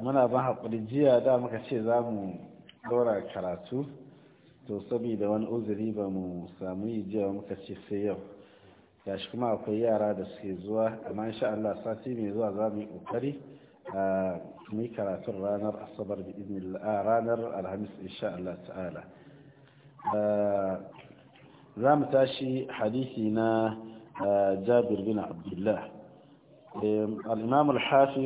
muna ban haƙuri jiya da muka ce za mu ɗora karatu to saboda wani uzuri ba mu samu yi jiya muka ce sai yau shi kuma akwai yara da suke zuwa amma insha Allah sati mai zuwa za mu yi ƙoƙari a mai karatun ranar asabar bi ranar alhamis insha Allah ta'ala za mu tashi hadisi na jabir bin abdullah الإمام الحافظ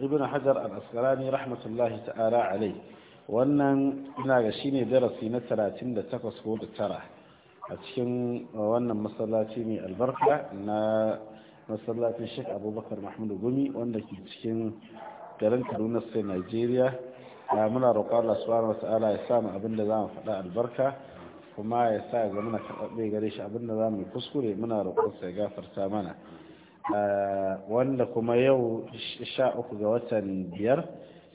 ابن حجر الأسقلاني رحمة الله تعالى عليه wannan ina ga shi ne darasi na 38 ko da tara a cikin wannan masallaci mai albarka na masallacin sheik abubakar mahmudu gumi wanda ke cikin garin kaduna sai nigeria a muna roƙar allah subhanahu wata'ala ya sa abin abinda za mu faɗa albarka kuma ya sa ya zama na karɓaɓɓe gare shi abin da za mu kuskure muna roƙar sa ya gafarta mana Eh, wanda kuma yau sha uku ga watan biyar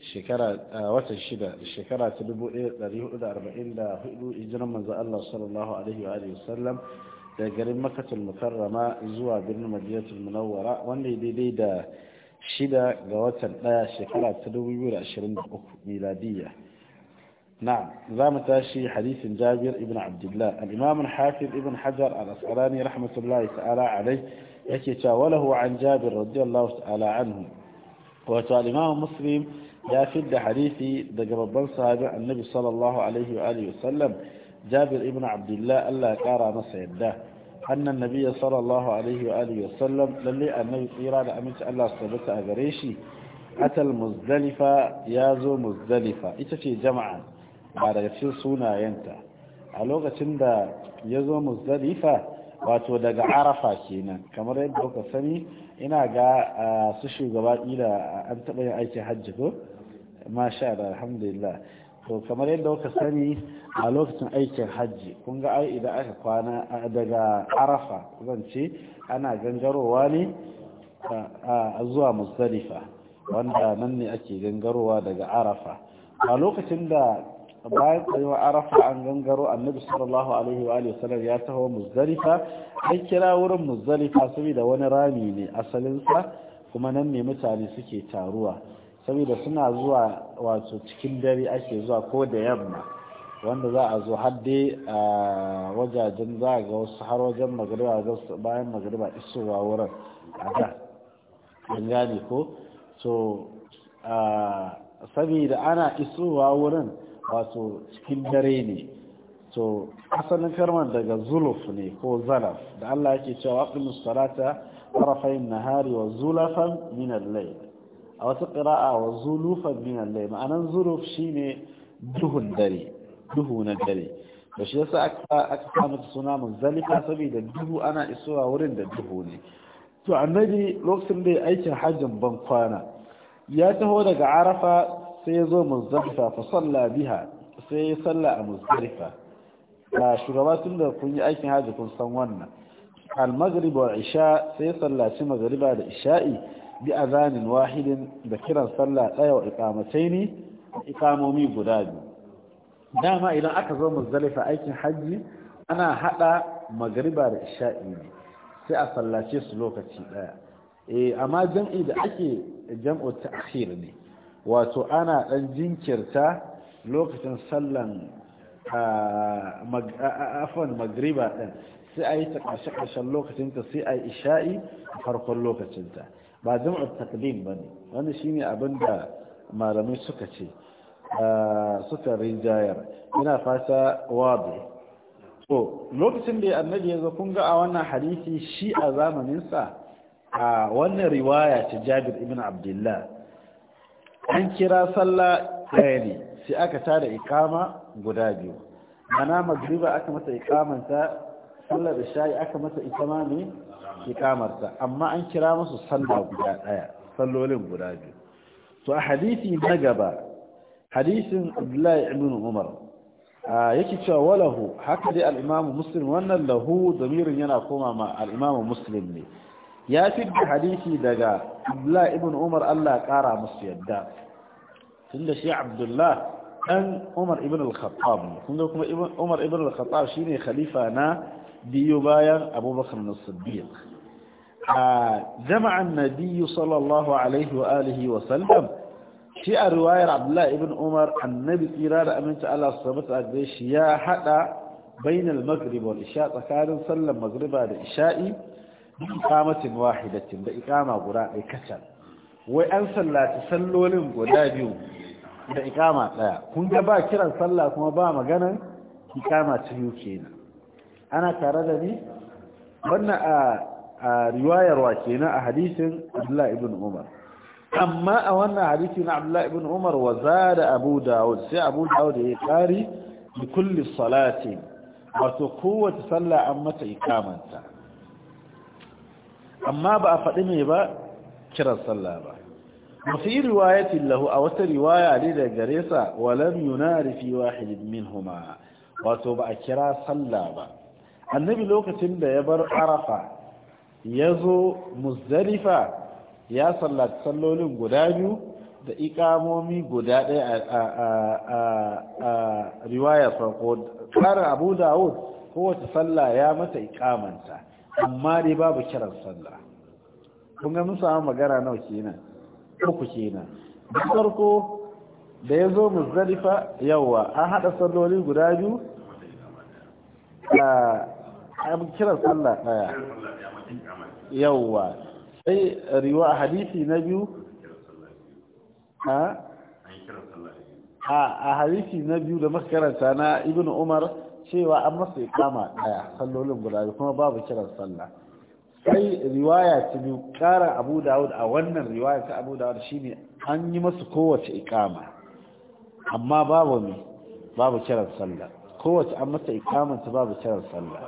shekara eh, watan shida shekara ta dubu ɗaya ɗari hudu da arba'in da hudu hijiran manzo Allah sallallahu alaihi wa alihi da garin makatul mukarrama zuwa birnin madinatul munawwara wanda ya daidai da shida ga watan ɗaya shekara ta dubu biyu da ashirin da uku miladiyya نعم زام تاشي حديث ibn ابن عبد الله الإمام الحافظ ابن حجر الأسقلاني yake cewa walahu an jabir radiyallahu ta'ala anhu wato al-imamu muslim ya fidda hadisi daga babban sahabi annabi sallallahu jabir ibn abdullah Allah ya kara masa yadda hannan nabi sallallahu lalle annabi tsira da aminci Allah su tabbata a gare shi atal muzdalifa ya zo muzdalifa ita ce jama'a ba daga cikin sunayenta a lokacin da ya zo muzdalifa wato daga arafa kenan kamar yadda kuka sani ina ga su shugaba ila an taɓa yin aikin hajji ko masha da alhamdulillah to kamar yadda kuka sani a lokacin aikin hajji kun ga ai idan aka kwana daga arafa zan ce ana gangarowa ne a zuwa musdalifa wanda nan ne ake gangarowa daga arafa a lokacin da bayan tsayuwa arafa an gangaro annabi sallallahu alaihi wa sallam ya taho muzdalifa an kira wurin muzdalifa saboda wani rami ne asalinsa kuma nan ne mutane suke taruwa saboda suna zuwa wato cikin dare ake zuwa ko da yamma wanda za a zo har dai a wajajen za a ga wasu har wajen magariba bayan magariba isowa wurin a da an gane ko so saboda ana isowa wurin wato cikin dare ne to asalin karmar daga zuluf ne ko zalaf da Allah yake cewa aqimus salata tarafayn nahari wa zulafan min al-layl a wata ƙira'a wa zulufan min al-layl ma'anan zuluf shine duhun dare duhu na dare da shi yasa aka aka samu suna zalika saboda duhu ana isowa wurin da duhu ne to annabi lokacin da ya aikin hajjin ban kwana ya taho daga arafa sai ya zo muzdalifa fa salla biha sai ya salla a muzdalifa a shugaba tun da kun yi aikin hajji kun san wannan al-maghrib wa isha sai ya sallaci maghriba da isha'i bi azanin wahidin da kiran sallah daya wa iqamataini iqamomi guda biyu dama idan aka zo muzdalifa aikin hajji ana hada magriba da isha'i ne sai a sallace su lokaci daya eh amma jam'i da ake jam'u ta'khir ne wato ana ɗan jinkirta lokacin sallan afon magriba ɗin sai a yi ta ƙarshe-ƙarshen lokacinta sai a yi isha'i a farkon lokacinta ba a taklim ba ne wani shi ne abin da malamai suka ce suka rinjayar yana fata wabe so lokacin da ya annabi ya zo kun ga a wannan hadisi shi a zamaninsa a wannan riwaya ta jabir ibn Abdullahi. an kira sallah ɗaya ne sai aka tada ikama guda biyu mana magriba aka mata ikamanta sallar shayi aka masa ita ma ne ikamarta amma an kira musu sallah guda ɗaya sallolin guda biyu to a hadisi na gaba hadisin abdullahi ibn umar yake cewa walahu haka dai al'imamu muslim wannan lahu damirin yana koma ma al'imamu muslim ne ya fidda hadisi daga Abdullah ibn Umar Allah ƙara musu yadda tunda shi Abdullah dan Umar ibn al-Khattab kun ga kuma Umar ibn al-Khattab shine khalifa na biyu bayan Abu Bakr as-Siddiq jama'a an-nabi sallallahu alaihi wa alihi wa sallam shi a riwayar Abdullah ibn Umar annabi tsira da aminci Allah su tabbata gare shi ya hada bainal maghrib isha tsakanin sallar magriba da isha'i kamatin wahidatin da ikama guda ɗaya kacal wai an sallaci sallolin guda biyu da ikama ɗaya kun ga ba kiran sallah kuma ba magana ikama ta yi kenan ana tare da ni wannan a riwayar wa kenan a hadisin Abdullah ibn Umar amma a wannan hadisi na Abdullah ibn Umar wa zada Abu Dawud sai Abu Dawud ya kari bi kulli salati wato kowace sallah an mata ikamanta amma ba a faɗi mai ba kiran sallah ba mafi riwayatin lahu a wata riwaya ne da gare sa walam yunari fi wahid minhuma wato ba a kira sallah ba annabi lokacin da ya bar arafa ya zo muzdalifa ya sallaci sallolin guda biyu da ikamomi guda ɗaya a riwayar farko tsarin abu dawud kowace sallah ya mata ikamanta amma dai babu kiran sallah kun ga mun samu magana nawa kenan uku kenan da farko da ya zo muzdalifa yawa an haɗa salloli guda biyu a kiran sallah ɗaya yawa sai riwa hadisi na biyu a hadisi na biyu da makaranta na ibn umar cewa an masa ikama daya sallolin guda biyu kuma babu kiran sallah sai riwaya ta biyu ƙara abu dawud a wannan riwaya ta abu dawud shine an yi masa kowace ikama amma babu mai, babu kiran sallah kowace an masa ta babu kiran sallah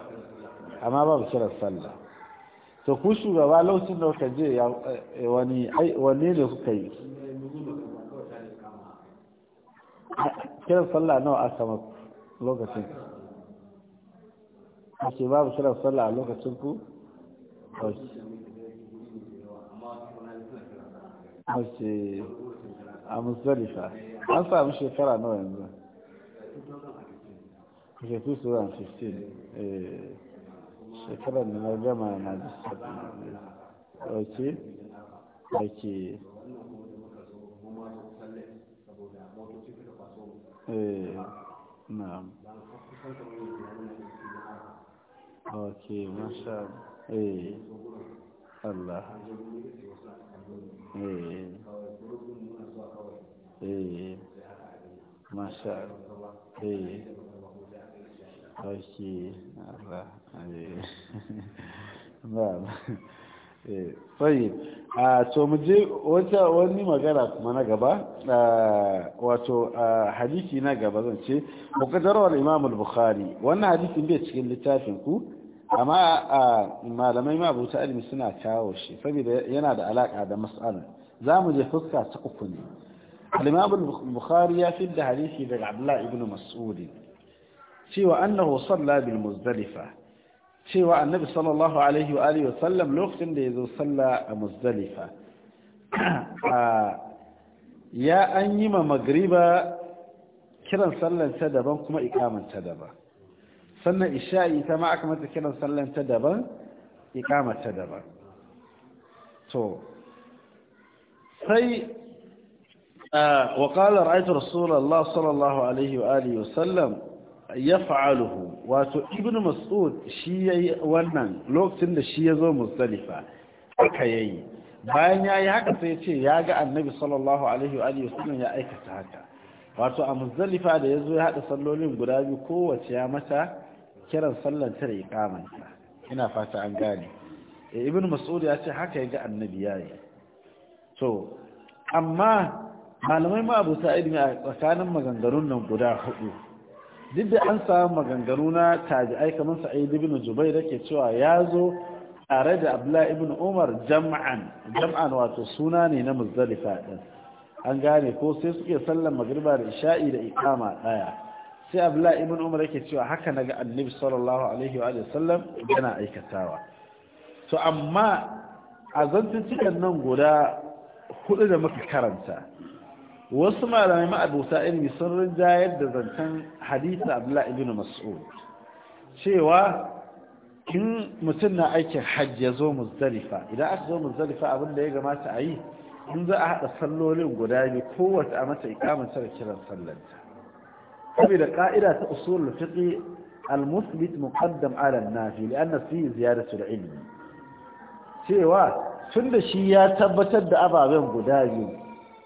amma babu kiran sallah to ku shugaba lokacin da kuka je eh, wani wanne ne kuka yi kiran sallah nawa aka lokacin ake ce babu kiran sallah a lokacin ku ake a musdalifa an samu shekara nawa yanzu ke 2015 eh, shekarar da na gama na ake ake Eh, na ke masha eh Allah eh eh masha eh oke Allah eh, eh ba eh sai a to mu je wata wani magana kuma na gaba wato hadisi na gaba zan ce muqaddarar imam al-bukhari wannan hadisi bai cikin littafin ku amma malamai ma abuta ilimi suna kawo shi saboda yana da alaka da mas'ala za mu je fuska ta uku ne al bukhari ya da hadisi daga Abdullahi ibn mas'ud cewa annahu salla bil muzdalifa cewa annabi sallallahu alaihi wa alihi wa sallam lokacin da yazo salla a muzdalifa ya an yi ma magriba kiran sallar ta daban kuma ikamanta daban sannan isha'i ta ma aka mata kiran sallan ta daban ikamar ta daban to sai وقال رأيت رسول الله صلى الله عليه وآله وسلم يفعله واتو ابن مسعود شيء wannan lokacin da shi yazo Muzdalifa haka yayi bayan yayi haka sai ya ce ya ga Annabi sallallahu alaihi wa alihi wasallam ya aikata haka wato a Muzdalifa da yazo ya hada sallolin guda biyu kowace ya mata kiran sallar tare ikamanta ina fata an gane eh, ibnu mas'ud ya ce haka ya ga annabi yayi to amma malamai ma abu sa'id ne a tsakanin maganganun nan guda hudu duk da an samu maganganu na tabi'ai kamar sa'id ibn jubair dake cewa ya zo tare da abdullahi ibn umar jam'an jam'an wato suna ne na muzdalifa din an gane ko sai suke sallan magriba da isha'i da iqama daya sai abdullahi ibn umar yake cewa haka na ga annabi sallallahu alaihi wa sallam yana aikatawa to amma a zantuttukan nan guda hudu da muka karanta wasu malamai ma'abuta ilmi sun rinjayar da zancen hadisa abdullahi ibn mas'ud cewa in mutum na aikin hajji ya zo muzdalifa idan aka zo muzdalifa abin da ya gamata a yi in za a haɗa sallolin guda biyu kowace a mata ikamata da kiran sallanta saboda ka'ida ta usul fiqi al-musbit muqaddam ala an-nafi li'anna fi ziyadatu al-ilm cewa tunda shi ya tabbatar da ababen guda biyu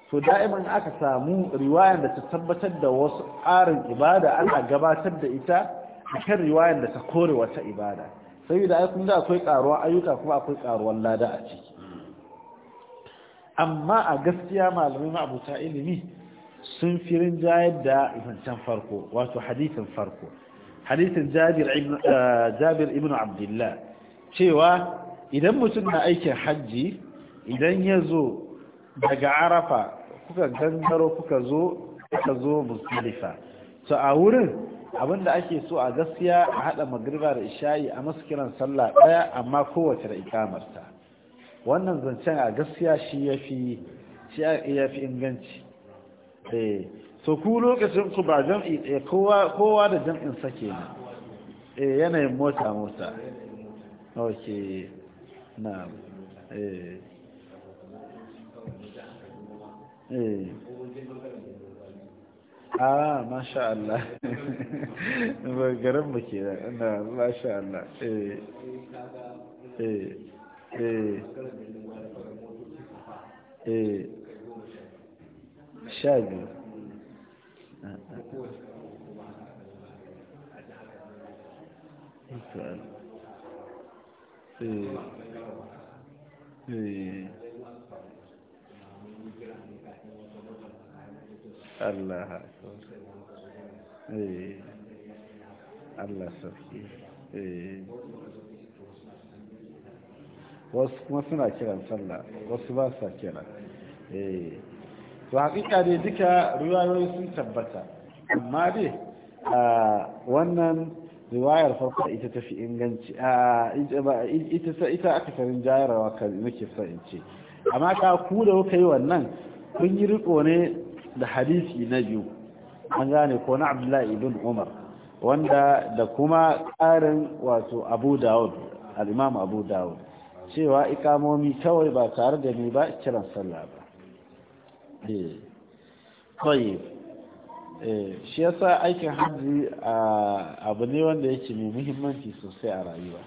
to da'iman aka samu riwaya da ta tabbatar da wasu ƙarin ibada ana gabatar da ita akan riwayar da ta kore wata ibada saboda ai kun da akwai karuwa ayyuka kuma akwai karuwar lada a ciki amma a gaskiya malamai ma'abuta ilimi sun fi rinjayar da zancen farko wato hadisin farko hadisin eh, jabir ibn abdullah cewa idan mutum na aikin hajji idan ya zo daga arafa kuka gangaro kuka zo kuka zo musulifa to a wurin abinda ake so a gaskiya a haɗa magriba da isha'i a masu kiran sallah ɗaya amma kowace da ikamarta wannan zancen a gaskiya shi ya fi inganci Eh, so ku lokacin ku ba jam'i ɗaya eh, kowa da jam'in sake ne eh yanayin mota mota ok na eh eh ah masha Allah ba garin mu ke na masha Allah eh eh eh eh sha biyu Allah wasu kuma suna kiran sallah wasu ba sa kira eh to hakika dai duka riwayoyi sun tabbata amma dai wannan riwayar farko ita ta fi inganci ita aka sarin jayarwa nake sa in ce amma ka ku da kuka yi wannan kun yi riko ne da hadisi na biyu an gane ko na abdullahi ibn umar wanda da kuma ƙarin wato abu dawud al'imam abu dawud cewa ikamomi kawai ba tare da ni ba kiran sallah ba Eh. tayyib eh, shi yasa aikin hajji abu ne wanda yake mai muhimmanci sosai a rayuwa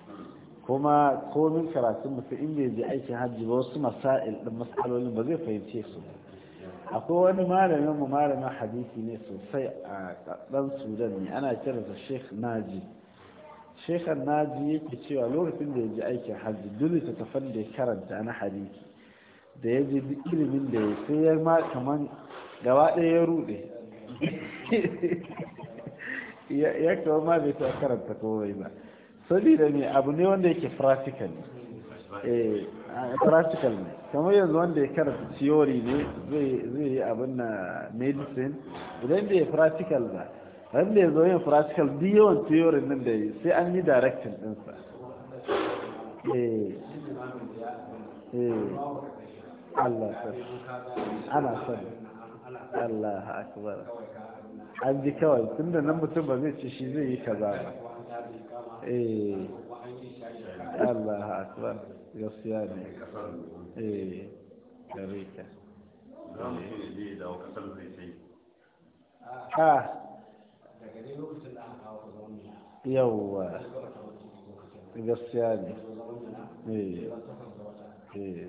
kuma komin karatu mutum in bai je aikin hajji ba wasu masail din masalolin ba zai fahimce su akwai wani malamin mu malamin hadisi ne sosai a dan sudan ne ana kiransa sheikh naji sheikh naji yake cewa lokacin da ya je aikin hajji dole ta tafan da ya karanta na hadisi da ya ji duk ilimin da ya sai ya ma kamar gaba ɗaya ya rude ya kawo ma bai ta karanta komai ba saboda ne abu ne wanda yake practical eh practical ne kamar yanzu wanda ya karanta theory ne zai yi abin na medicine idan da ya practical ba ran da ya zo yin practical duk yawan theory nan da yi sai an yi direction ɗinsa eh eh Allah ana son. Allah akbar an ji kawai tunda nan mutum ba zai ci shi zai yi kaza ba eh Allah akbar gaskiya ne eh gare ka ha eh. ah. yawwa gaskiya ne eh eh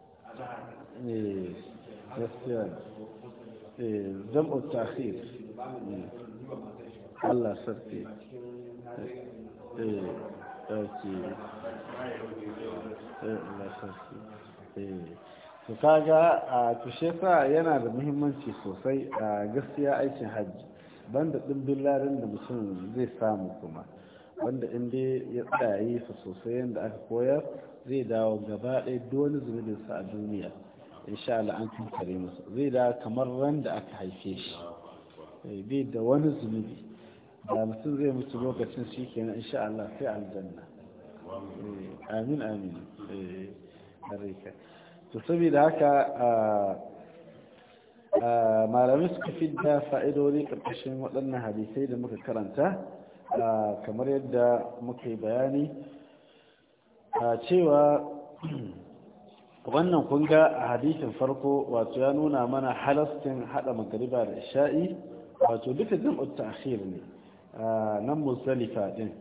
Eh, eh, jam'u eh, Allah sarki su kaga a tushe sa yana da muhimmanci sosai a gaskiya aikin hajji banda ɗimbin larin da mutum zai samu kuma wanda inda dai ya tsaye su sosai yadda aka koyar zai dawo gaba ɗaya dole zunubinsa a duniya insha Allah an kankare masa zai dawo kamar ran da aka haife shi eh, bai da wani zunubi da mutum zai mutu lokacin shi kenan insha Allah sai aljanna eh, amin eh, amin to saboda haka malamai suka fi da fa'idori ƙarƙashin waɗannan hadisai da muka karanta kamar yadda muke bayani a cewa wannan kunga a hadisin farko wato ya nuna mana halastin hada magariba da isha'i wato duka jam'ut ta'khir ne nan musalifa din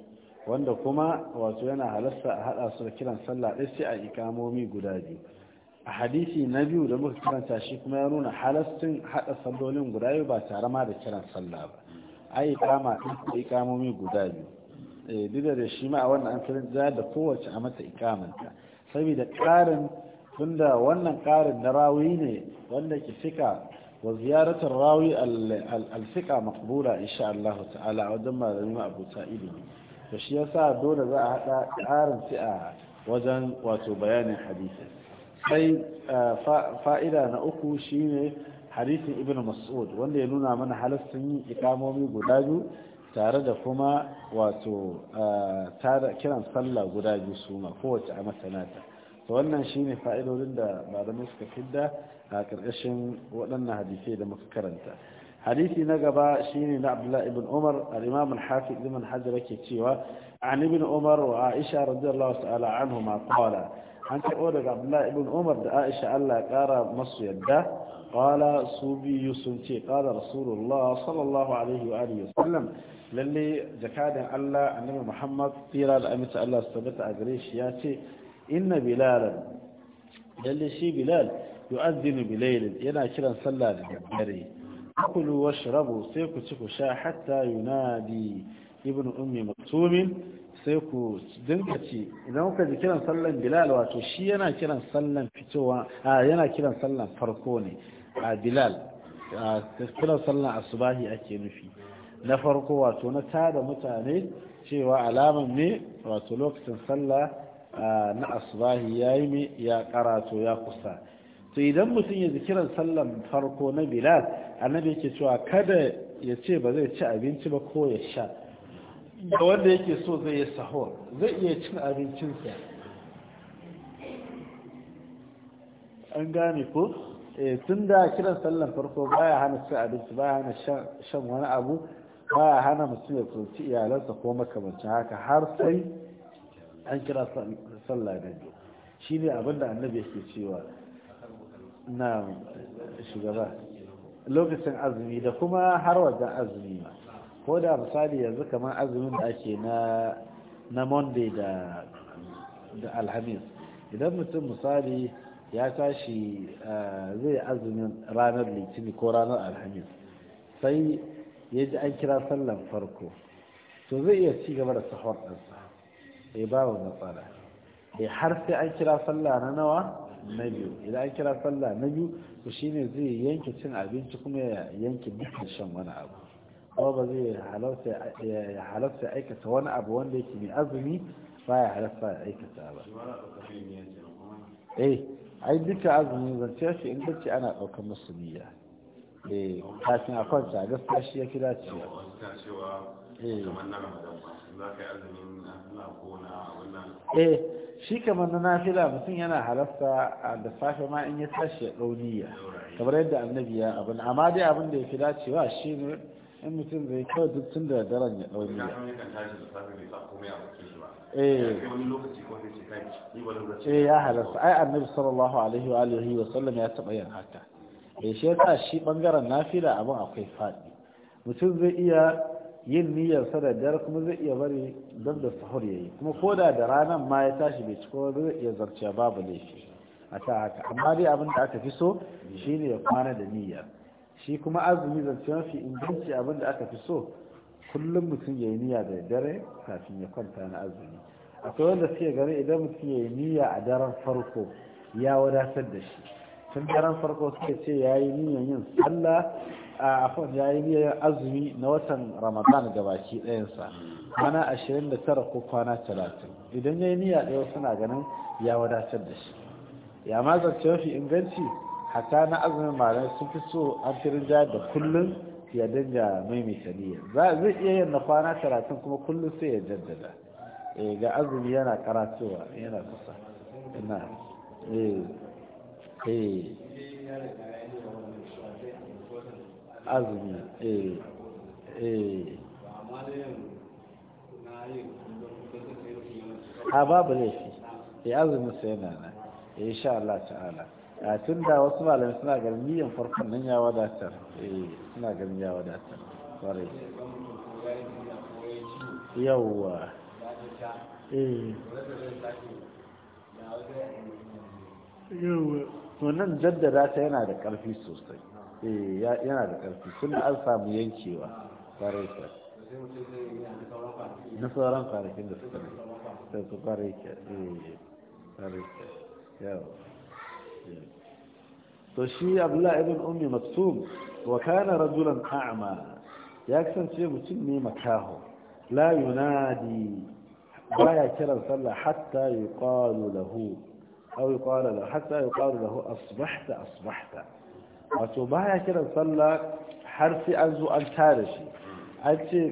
wanda kuma wato yana halasta a hada su da kiran sallah ɗaya sai a ikamomi guda biyu a hadisi na biyu da muka kiranta shi kuma ya nuna halastin hada sallolin guda biyu ba tare ma da kiran sallah ba ai ikama ikamomi guda biyu eh, duk da shi ma a wannan an firin da kowace a mata ikamanta saboda ƙarin da wannan ƙarin na rawi ne wanda ke fika wa ziyaratar rawi alfika makbula insha Allah ta'ala a wajen malami ma'abuta ilimi to shi yasa dole za a haɗa ƙarin si a wajen wato bayanin hadisi sai eh, fa'ida na uku shine hadisin ibn mas'ud wanda ya nuna mana halassun yin ikamomi guda biyu tare da kuma wato tare kiran sallah guda biyu su ma kowace a masanata to wannan shine fa'idodin da malamai suka fidda a karkashin waɗannan hadisai da muka karanta hadisi na gaba shine na abdullahi ibn umar al-imam al-hafiz ibn hajar yake cewa an ibn umar wa aisha radiyallahu ta'ala anhu ma qala an karɓo daga abdullahi ibn umar da aisha allah ya ƙara masu yadda ƙala su biyu sun ce ƙala rasulullah sallallahu alaihi wa alihi sallam lalle jakadan allah annabi muhammad tsira da aminta allah su tabbata a gare shi ya ce inna bilal lalle shi bilal yu'azzinu bilailin yana kiran sallah da daddare akulu washrabu sai ku ci ku sha hatta yunadi ibn ummi maktumin sai ku dinga ci idan kuka ji kiran sallan bilal wato shi yana kiran sallan fitowa yana kiran sallan farko ne a bilal kiran sallan asubahi ake nufi na farko wato na tada mutane cewa alaman ne wato lokacin sallah na asubahi ya yi ya karato ya kusa to idan mutum ya ji kiran sallan farko na bilal annabi yake cewa kada ya ce ba zai ci abinci ba ko ya sha da wanda yake so zai yi sahur zai iya cin abincinsa an gane ko eh, tun da kiran sallan farko baya hana cin abinci baya hana shan wani abu baya hana mutum ya kurci iyalansa ko makamancin haka har sai an kira sallah da biyu shi ne abinda annabi yake cewa na shugaba lokacin azumi da kuma har wajen azumi ma ko da misali yanzu kamar azumin da ake na na monday da da alhamis idan mutum misali ya tashi eh, zai azumin ranar litini ko ranar alhamis sai ya ji an kira sallan farko to zai iya ci gaba da sahur ɗansa bai ba wa matsala bai eh, har sai an kira sallah na nawa na biyu idan an kira sallah na biyu to shine zai yanke cin abinci kuma ya yanke dukkan shan wani abu ko ba zai halarta ya aikata wani abu wanda yake mai azumi ba ya halarta aikata ba eh ai duka azumi zance shi in bacci ana ɗaukar musu niyya eh kafin a kwanta a gaskiya shi ya fi dacewa eh. eh shi kamar na nafila mutum yana halarta da safe ma in ya tashi ya ɗau niyya kamar yadda annabi ya abin amma dai abin da ya fi dacewa shi ne in mutum zai kawai duk tun da daren ya ɗauki ya eh ya eh, halarta ai annabi sallallahu alaihi wa alihi wa sallam ya taɓa yin haka eh shi yasa shi bangaren nafila abin akwai faɗi mutum zai iya yin niyyar sa da dare kuma zai iya bari don da sahur yayi kuma koda da ranar ma ya tashi bai ciko zai iya zarce babu laifi a ta haka amma dai abin da aka fi so shine ya kwana da niyyar shi kuma azumi zance mafi inganci abin da aka fi so kullum mutum ya yi niyya da dare kafin ya kwanta na azumi akwai wanda suke gani idan mutum ya yi niyya a daren farko ya wadatar da shi tun daren farko suke ce ya yi niyyar yin sallah a afon ya yi niyyar azumi na watan ramadan gabaki ɗayansa mana ashirin da tara ko kwana talatin idan ya yi niyya ɗaya suna ganin ya wadatar da shi ya ma zance mafi inganci hatta na azumin malamai sun fi so an fi rinja da kullum ya dinga maimaita a zai iya yin na kwana talatin kuma kullum sai ya jaddada eh, ga azumi yana karatowa yana kusa ina eh, eh, azumi eh eh ha babu laifi ya azumin sai yana na insha Allah ta'ala a tun da wasu malamai suna ganin miyan farkon nan ya wadatar eh suna ganin ya wadatar kwarai yawwa eh yawwa to nan jaddada ta yana da ƙarfi sosai eh yana da ƙarfi tun da an samu yankewa kwarai kwarai na sauran kwanakin da suka ne sai su kwarai eh, kwarai kwarai yawa to shi abdullahi ibn ummi maktum wa kana rajulan a'ma ya kasance mutum ne makaho la yunadi baya kiran sallah hatta yuqalu lahu aw yuqala lahu hatta yuqalu lahu asbahta asbahta wato baya kiran sallah har sai an zo an tare shi an ce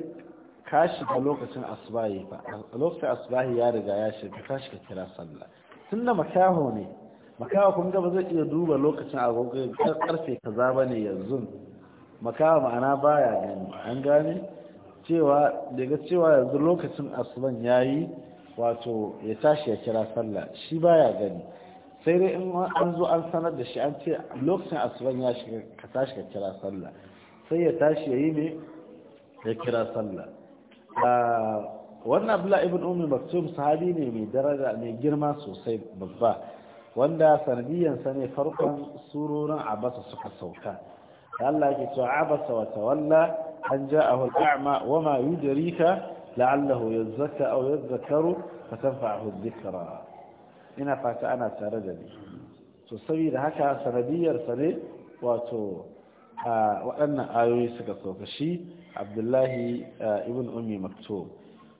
ka shiga lokacin asbahi fa lokacin asbahi ya riga ya shiga ka shiga kira sallah tunda makaho ne makawa kun ga zai iya duba lokacin agogo karfe kaza bane yanzu makawa ma'ana baya gani an gane cewa daga cewa yanzu lokacin asuban yi wato ya tashi ya kira sallah shi baya gani sai dai in an zo an sanar da shi an ce lokacin asuban ya shiga ka tashi ka kira sallah sai ya tashi ya yi ne ya kira sallah ah, wannan abdullahi ibn umar maktum sahabi ne mai daraja mai girma sosai babba wanda sanadiyansa ne farkon surorin abasa suka sauka Allah ke cewa abasa wa tawalla an a al'a'ma wa ma yudrika la'allahu yazzaka aw yadhakkaru fa tanfa'ahu dhikra ina fata ana tare da ni to saboda haka sanadiyarsa ne wato a waɗannan ayoyi suka sauka shi abdullahi ibn umi maktub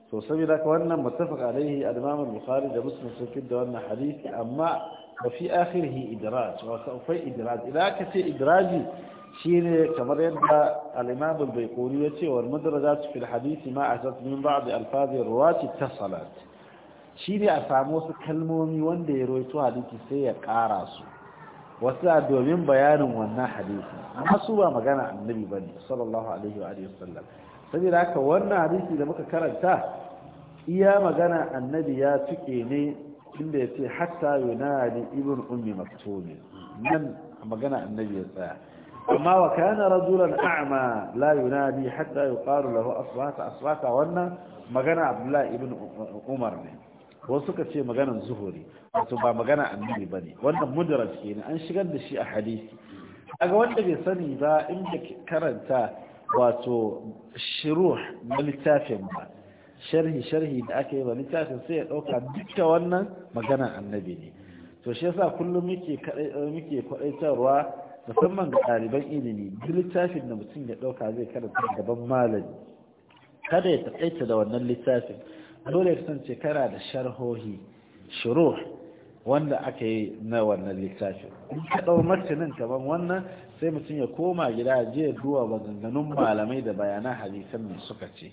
to saboda haka wannan muttafaq alaihi al-imam al-bukhari da muslim sun da wannan hadisi amma wafi akhirhi idraj wasu akwai idraj idan aka ce idraji shine kamar yadda al-imam al-bayquni ya ce wa wal mudrajat fil hadith ma asat min ba'd alfaz ar-ruwat ittasalat shine a samu wasu kalmomi wanda ya roito hadisi sai ya kara su wasu domin bayanin wannan hadisi amma su ba magana annabi bane sallallahu alaihi wa sallam saboda haka wannan hadisi da muka karanta iya magana annabi ya tuke ne inda ya ce hatta yunadi ibn ummi maktumi nan magana annabi ya tsaya amma wa na rajulan a'ma la yunadi hatta yuqalu lahu asbata asbata wannan magana abdullahi ibn umar ne wasu suka ce maganan zuhuri wato ba magana annabi ne wannan mudraj kenan an shigar da shi a hadisi daga wanda bai sani ba inda karanta wato shiruh na littafin ba sharhi sharhi da aka yi ba littafin sai ya ɗauka dukkan wannan magana annabi ne to shi yasa kullum muke muke kwaɗaitarwa musamman ga ɗaliban ilimi duk littafin da mutum ya ɗauka zai karanta gaban malami kada ya taƙaita da wannan littafin dole ya kasance kana da sharhohi shuruh wanda aka yi na wannan littafin in ka ɗau martinin kaman wannan sai mutum ya koma gida je duwa maganganun malamai da bayanan hadisan suka ce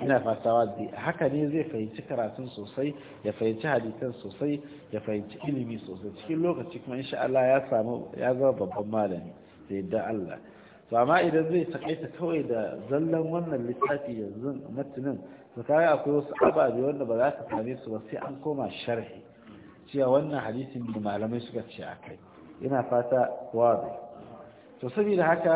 ina fatawa haka ne zai fahimci karatun sosai ya fahimci hadisan sosai ya fahimci ilimi sosai cikin lokaci kuma insha Allah ya samu ya zama babban malami da yadda Allah to amma idan zai takaita kawai da zallan wannan littafi yanzu matanin to kai akwai wasu ababe wanda ba za ka same su ba sai an koma sharhi cewa wannan hadisin da malamai suka ce akai ina fata wadi to saboda haka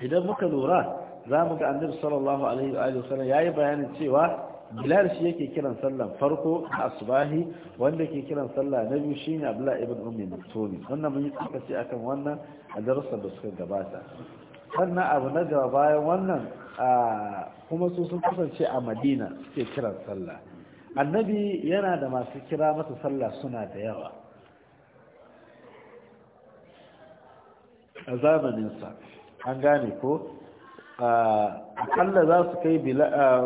idan muka lura za mu ga annabi sallallahu alaihi wa alihi sallam yayi bayanin cewa bilal shi yake kiran sallan farko a asubahi wanda ke kiran sallah na biyu shine abdullahi ibn ummi Maktum wannan mun yi tsakaci akan wannan a darussan da suka gabata sannan abu na gaba bayan wannan kuma su sun kasance a madina suke kiran sallah annabi yana da masu kira masa sallah suna da yawa a zamaninsa an gane ko akalla za su kai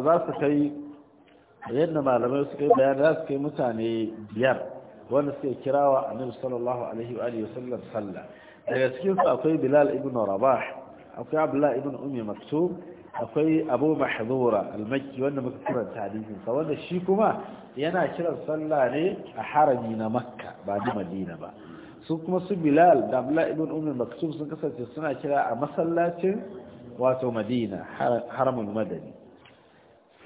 za su kai yadda malamai su kai za su kai mutane biyar wanda suke kirawa annabi sallallahu alaihi wa alihi wasallam sallah daga cikin su akwai bilal ibn rabah akwai abdullah ibn ummi maktub akwai abu mahzura al-makki wanda muka karanta tarihin. sa wanda shi kuma yana kiran sallah ne a harami na makka ba da madina ba su kuma su bilal da abdullah ibn ummi maktub sun kasance suna kira a masallacin wato madina haramun madani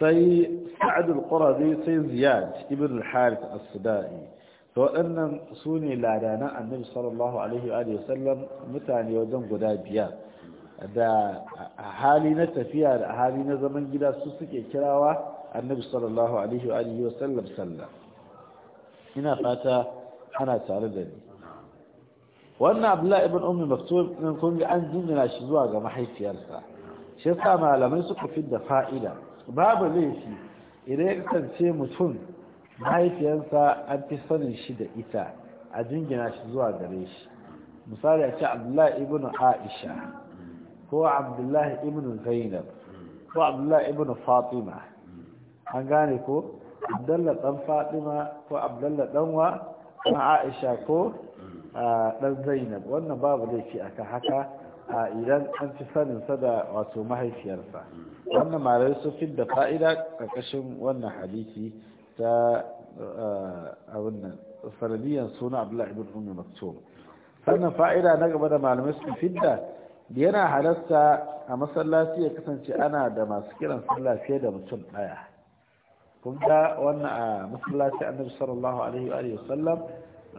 sai sa'adul qurazi sai ziyad ibn al-harith as-sudai to waɗannan su ne ladanan annabi sallallahu alaihi wa sallam mutane wajen guda biyar da hali na tafiya da hali na zaman gida su suke kirawa annabi sallallahu alaihi wa sallam sallah ina fata ana tare da ni wannan abdullahi ibn ummi maktub din kun an jinjina shi zuwa ga mahaifiyarsa shi yasa malamai suka fi da fa'ida babu laifi idan ya kasance mutum mahaifiyarsa an fi sanin shi da ita a jingina shi zuwa gare shi misali a ce abdullahi ibn aisha ko abdullahi ibn zainab ko abdullahi ibn fatima an gane ko abdullahi dan fatima ko abdullahi dan wa aisha ko ɗan zainab wannan babu laifi a ka haka a idan an fi saninsa da wato mahaifiyarsa wannan malar su da fa'ida ƙarƙashin wannan hadisi ta abinnan suna abu ibn umar maktum sannan fa'ida na gaba da malamai su fidda da yana halarta a masallaci ya kasance ana da masu kiran sallah fiye da mutum ɗaya kun wannan a masallaci annabi sallallahu alaihi wa sallam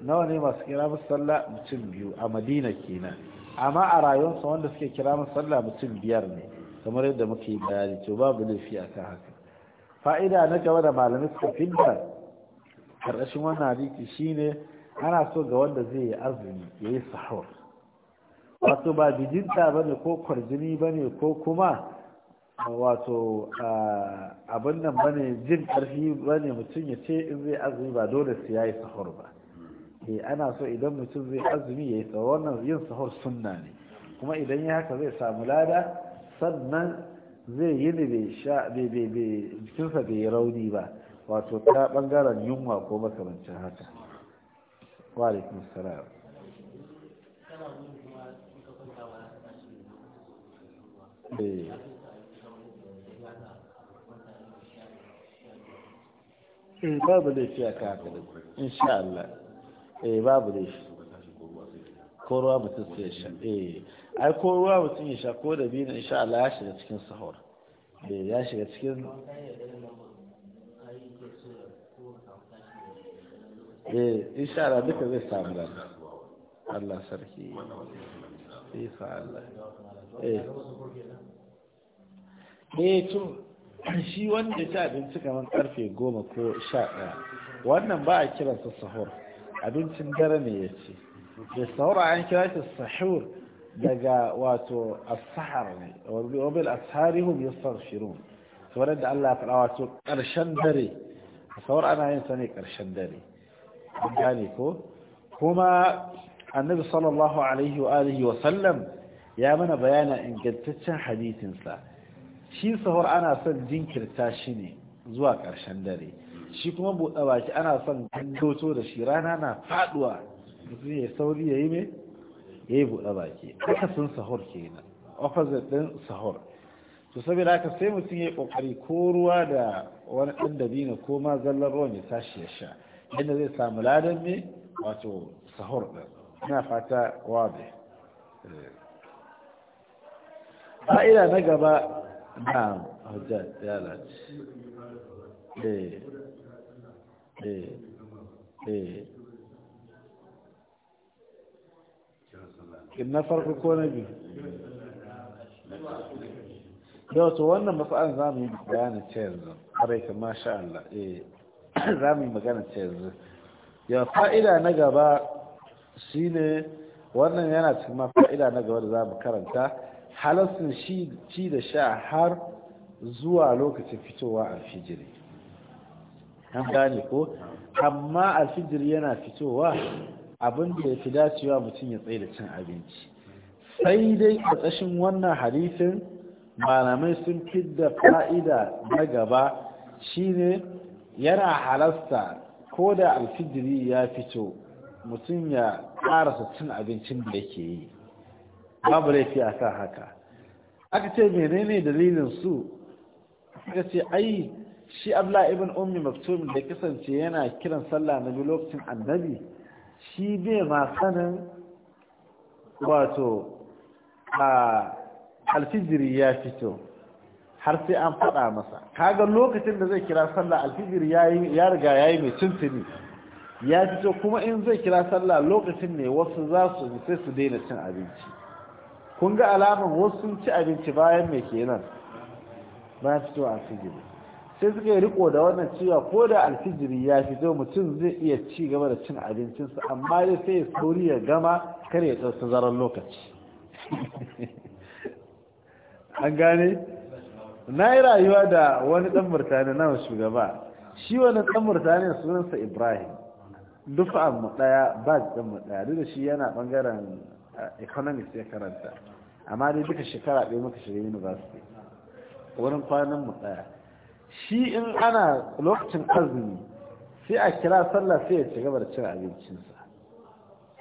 nawa ne masu kira musu sallah mutum biyu a madina kenan amma a rayuwarsa wanda suke kira musu sallah mutum biyar ne kamar yadda muke bayani to babu laifi a kan haka fa'ida na gaba da malamai suka fidda karkashin wannan hadisi shine ana so ga wanda zai yi azumi ya yi sahur wato ba bijinta ba ne ko kwarjini ba ne ko kuma wato abin nan ba ne jin ƙarfi ba ne mutum ya ce in zai azumi ba dole su ya yi sahur ba eh ana so idan mutum zai azumi yayi sa wannan yin sahur sunna ne kuma idan ya haka zai samu lada sannan zai yi ne bai sha bai bai bai jikinsa bai rauni ba wato ta bangaren yunwa ko makamancin haka wa alaikum salam eh. Eh, babu da fiye ka haka da insha Allah eh babu dai ko ruwa mutum sai ya sha eh ai ko ruwa mutum ya sha ko da biyu insha Allah ya shiga cikin sahur eh ya shiga cikin eh insha Allah duka zai samu da Allah sarki eh fa Allah eh eh to shi wanda ta abinci kamar karfe goma ko sha ɗaya wannan ba a kiransa sahur abincin dare ne ya ce da saura an kira shi sahur daga wato asahar ne wabil asharihum yastaghfirun kamar da Allah ya faɗa wato ƙarshen dare a saura ana yin sa ne ƙarshen dare an gane ko kuma annabi sallallahu alaihi wa alihi wa sallam ya mana bayana ingantaccen hadisinsa shi sahur ana son jinkirta shi ne zuwa ƙarshen dare shi kuma buɗe baki ana son gandoto da shi rana na faɗuwa mutum ya sauri ya yi mai ya yi buɗe baki aka sun sahur kenan opposite ɗin sahur to saboda haka sai mutum ya yi ƙoƙari ko ruwa da wani ɗan dabino ko ma zallar ruwan ya tashi ya sha yadda zai samu ladan mai wato sahur ɗin ina fata wabe fa'ida na gaba na hujjar ya eh. Eh, eh. na farko ko na biyu yau to wannan matsa'an za mu yi bayanin ta yanzu haraita masha Allah eh, za mu yi magana ta yanzu yau fa'ida na gaba shi ne wannan yana cikin ma fa'ida na gaba da za mu karanta halassun shi da sha har zuwa lokacin fitowa a fijiri an gane ko amma alfijir yana fitowa abin da ya fi dacewa mutum ya tsaye da cin abinci sai dai a wannan hadisin malamai sun fidda fa'ida na gaba shine yana halasta ko da alfijiri ya fito mutum ya ƙarasa cin abincin da yake yi babu laifi a sa haka aka ce menene dalilin su suka ce ai shi abla ibn ummi maktum da kasance yana kiran sallah na biyu lokacin annabi shi bai ma sanin wato a alfijiri ya fito har sai an faɗa masa kaga lokacin da zai kira sallah alfijiri ya riga ya yi mai cintini ya fito kuma in zai kira sallah lokacin ne wasu za su sai su daina cin abinci kun ga alamun wasu ci abinci bayan mai kenan bayan fito alfijiri sai suka yi riko da wannan cewa ko da alfijiri ya fi zo mutum zai iya ci gaba da cin abincinsa amma dai sai ya sauri ya gama kare ya tsarsa zarar lokaci an gane na yi rayuwa da wani ɗan murtani na shugaba shi wani ɗan murtani sunansa ibrahim dufa mu ɗaya ba ɗan mu ɗaya duk da shi yana ɓangaren eh, economics ya karanta amma dai duka shekara ɗaya muka shiga university wurin kwanan mu ɗaya shi in ana lokacin azumi sai a kira sallah sai ya ci gaba da cin abincinsa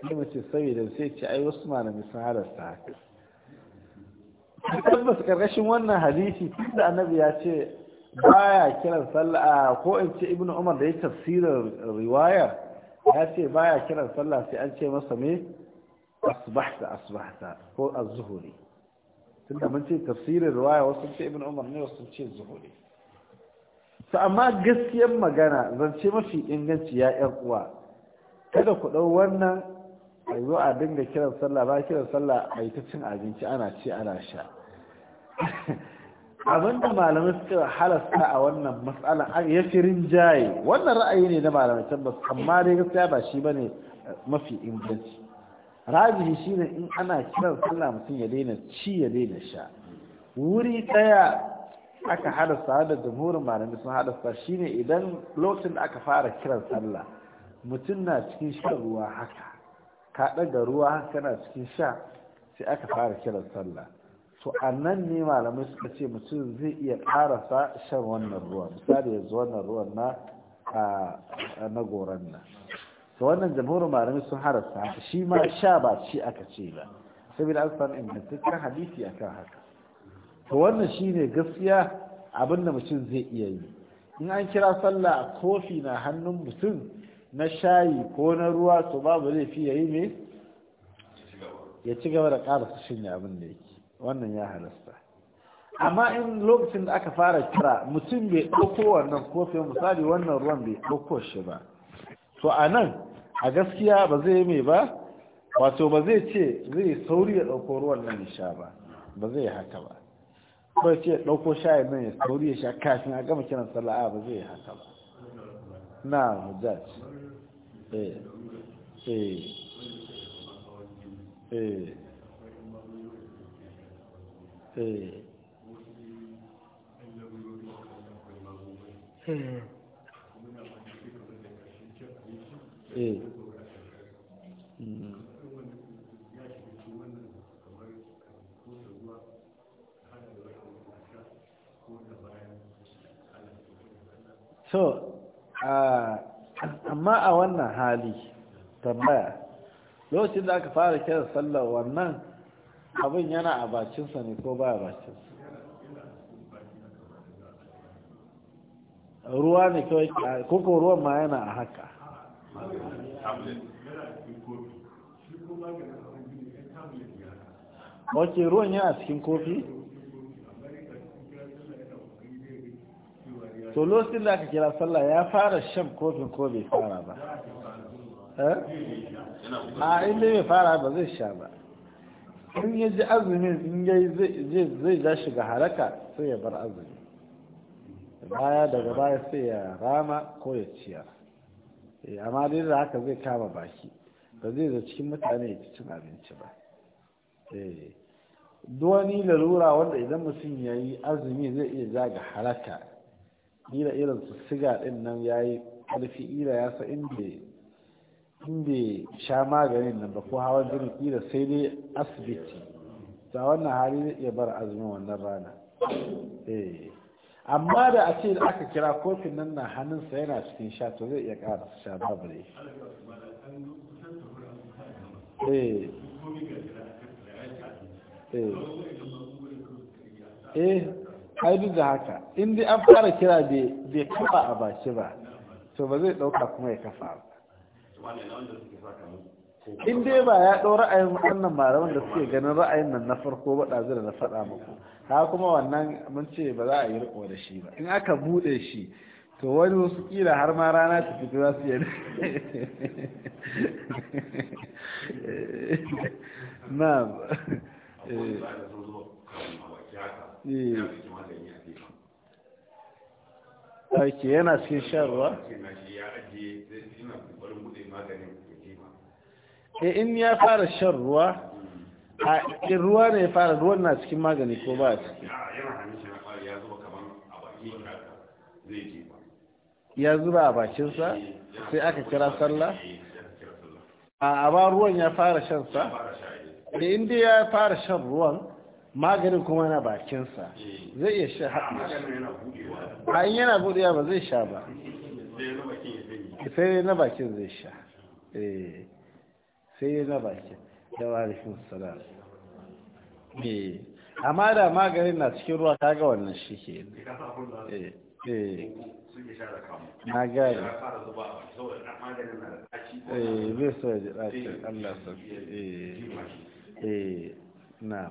sai mace saboda sai ce ai wasu malami sun halasta haka tabbas karkashin wannan hadisi da annabi ya ce baya kiran sallah ko in ce ibn umar da ya tafsirar riwaya ya ce baya kiran sallah sai an ce masa me asbahta asbahta ko az-zuhri tunda mun ce tafsirin riwaya wasu ce ibn umar ne wasu ce zuhri to amma gaskiyar magana zance mafi inganci ya yan uwa kada ku ɗau wannan a zo a dinga kiran sallah ba kiran sallah a ta cin abinci ana ci ana sha Abin da malamai suka halasta a wannan matsalan ya fi rinjaye wannan ra'ayi ne na malamai tabbas amma dai gaskiya ba shi bane mafi inganci rajihi shine in ana kiran sallah mutum ya daina ci ya daina sha wuri daya aka halasta da jamhurin malamai sun shi shine idan lokacin da aka fara kiran sallah mutum na cikin shan ruwa haka ka ɗaga ruwa kana cikin sha sai aka fara kiran sallah to a nan ne malamai suka ce mutum zai iya ƙarasa shan wannan ruwa misali yanzu wannan ruwan na na goron nan to wannan jamhurin malamai sun harasta shi ma sha ba ci aka ce ba saboda an san ingantaccen hadisi akan haka to wannan shine gaskiya abinda da mutum zai iya yi in an kira sallah a kofi na hannun mutum na shayi ko na ruwa to babu zai ya yi ne ya ci gaba da ƙara ƙarasa shine abin da yake wannan ya halasta amma in lokacin da aka fara kira mutum bai ɗauko wannan kofi misali wannan ruwan bai ɗauko shi ba to a nan a gaskiya ba zai yi mai ba wato ba zai ce zai sauri ya ɗauko ruwan nan sha ba ba zai haka ba ko ce ɗauko shayin nan ya sauri ya sha kafin a gama kiran sallah ba zai haka ba na hujjaj eh eh eh eh eh, eh. so amma a wannan hali tambaya lokacin da aka fara kira sallar wannan abin yana a bacinsa ne ko baya bacinsa ruwa ne kawai koko ruwan ma yana a haka ok ruwan yana cikin kofi? to lokacin da aka kira sallah ya fara shan kofin ko bai fara ba eh? a inda bai fara ba zai sha ba in ya ji azumin in zai ja ga haraka sai ya bar azumi baya daga baya sai ya rama ko ya ciya eh, amma dai da haka zai kama baki ba zai zo cikin mutane ya ci abinci ba eh, duwani lalura wanda idan mutum ya yi azumi zai iya zaga haraka ila irin su siga din nan ya yi ƙarfi ila ya sa bai sha maganin nan ba ko hawan jini ila sai dai asibiti ta wannan hali zai iya bar azumin wannan rana eh. amma da a ce da aka kira kofin nan na hannunsa yana cikin sha to zai iya ƙara sha babu ne eh, eh. eh. ai duk da haka in dai an fara kira bai kafa a baki ba to ba zai ɗauka kuma ya kafa ba in dai ba ya ɗau ra'ayin wannan malaman da suke ganin ra'ayin nan na farko ba ɗazu da na faɗa muku ha kuma wannan mun ce ba za a yi riƙo da shi ba in aka buɗe shi to wani wasu kila har ma rana ta fito za su yi na'am wani ba ake yana cikin shan ruwa? e in ya fara shan ruwa hmm. a in ruwa ne ya fara ruwan na cikin magani ko ba a ciki ya zuba a bakinsa eh, sai eh, aka kira sallah a ba ruwan ya fara shansa da inda ya fara shan ruwan maganin kuma na bakinsa zai iya sha haɗe a in yana buɗewa ba zai sha ba sai na bakin zai sha eh, sai na bakin da warifin salam eh, amma da maganin na cikin ruwa ga wannan shi ke eh, na gari bai so ya ji ɗaci allah sauki na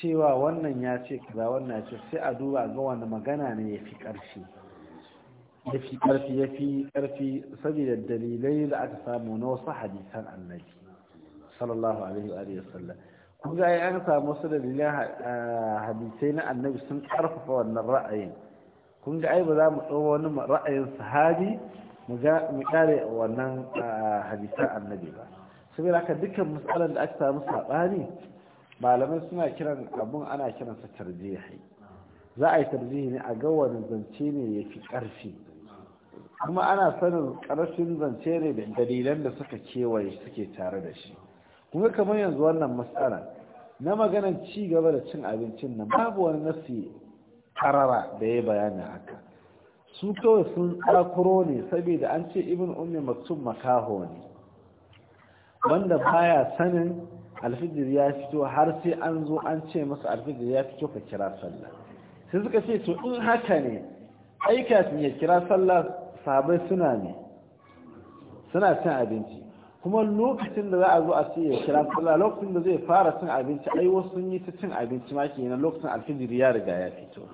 cewa wannan ya ce kaza wannan ya ce sai a duba ga wani magana ne ya fi ƙarfi ya fi ƙarfi ya fi ƙarfi saboda dalilai da aka samu na wasu hadisan annabi sallallahu alaihi wa sallam kun ga ya an samu wasu dalilan eh, hadisai na annabi sun ƙarfafa wannan ra'ayin kun ga ai ba za mu ɗau wani ra'ayin sahabi mu ƙare wannan eh, hadisan annabi ba saboda haka dukkan matsalar da aka samu saɓani malamai suna kiran abun ana kiransa tarjihi za a yi tarjihi ne a ga wani zance ne ya fi ƙarfi kuma ana sanin ƙarfin zance ne da dalilan da suka kewaye suke tare da shi kuma kamar yanzu wannan matsala na maganar ci gaba da cin abincin nan babu wani nasi karara da ya bayani haka su kawai sun tsakuro ne saboda an ce ibn ummi maktum makaho ne wanda baya sanin alfijir ya fito har sai an zo an ce masa alfijir ya fito ka kira sallah sai suka ce to in haka ne ai sun ya kira sallah sabai suna ne suna cin abinci kuma lokacin da za a zo a ce ya kira sallah lokacin da zai fara cin abinci ai wasu sun yi ta cin abinci ma nan lokacin alfijir ya riga ya fito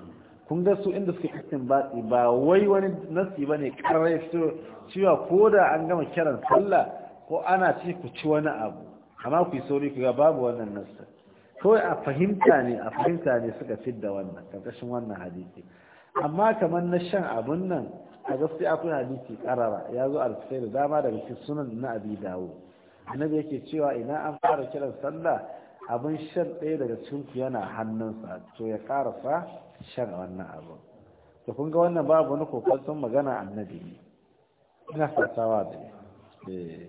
kun ga su inda suke cikin batsi ba wai wani nasi bane ne ya fito cewa ko da an gama kiran sallah ko ana ce ku ci wani abu amma ku yi sauri ku ga babu wannan nasta kawai a fahimta ne a fahimta ne suka da wannan karkashin wannan hadisi amma kamar na shan abun nan a gaskiya akwai hadisi karara ya zo alfisai da dama daga cikin sunan na abi dawo annabi yake cewa ina an fara kiran sallah abin shan ɗaya daga cikin ku yana hannunsa to ya karasa shan wannan abun to kun ga wannan babu wani kokarsun magana annabi ina fatawa da eh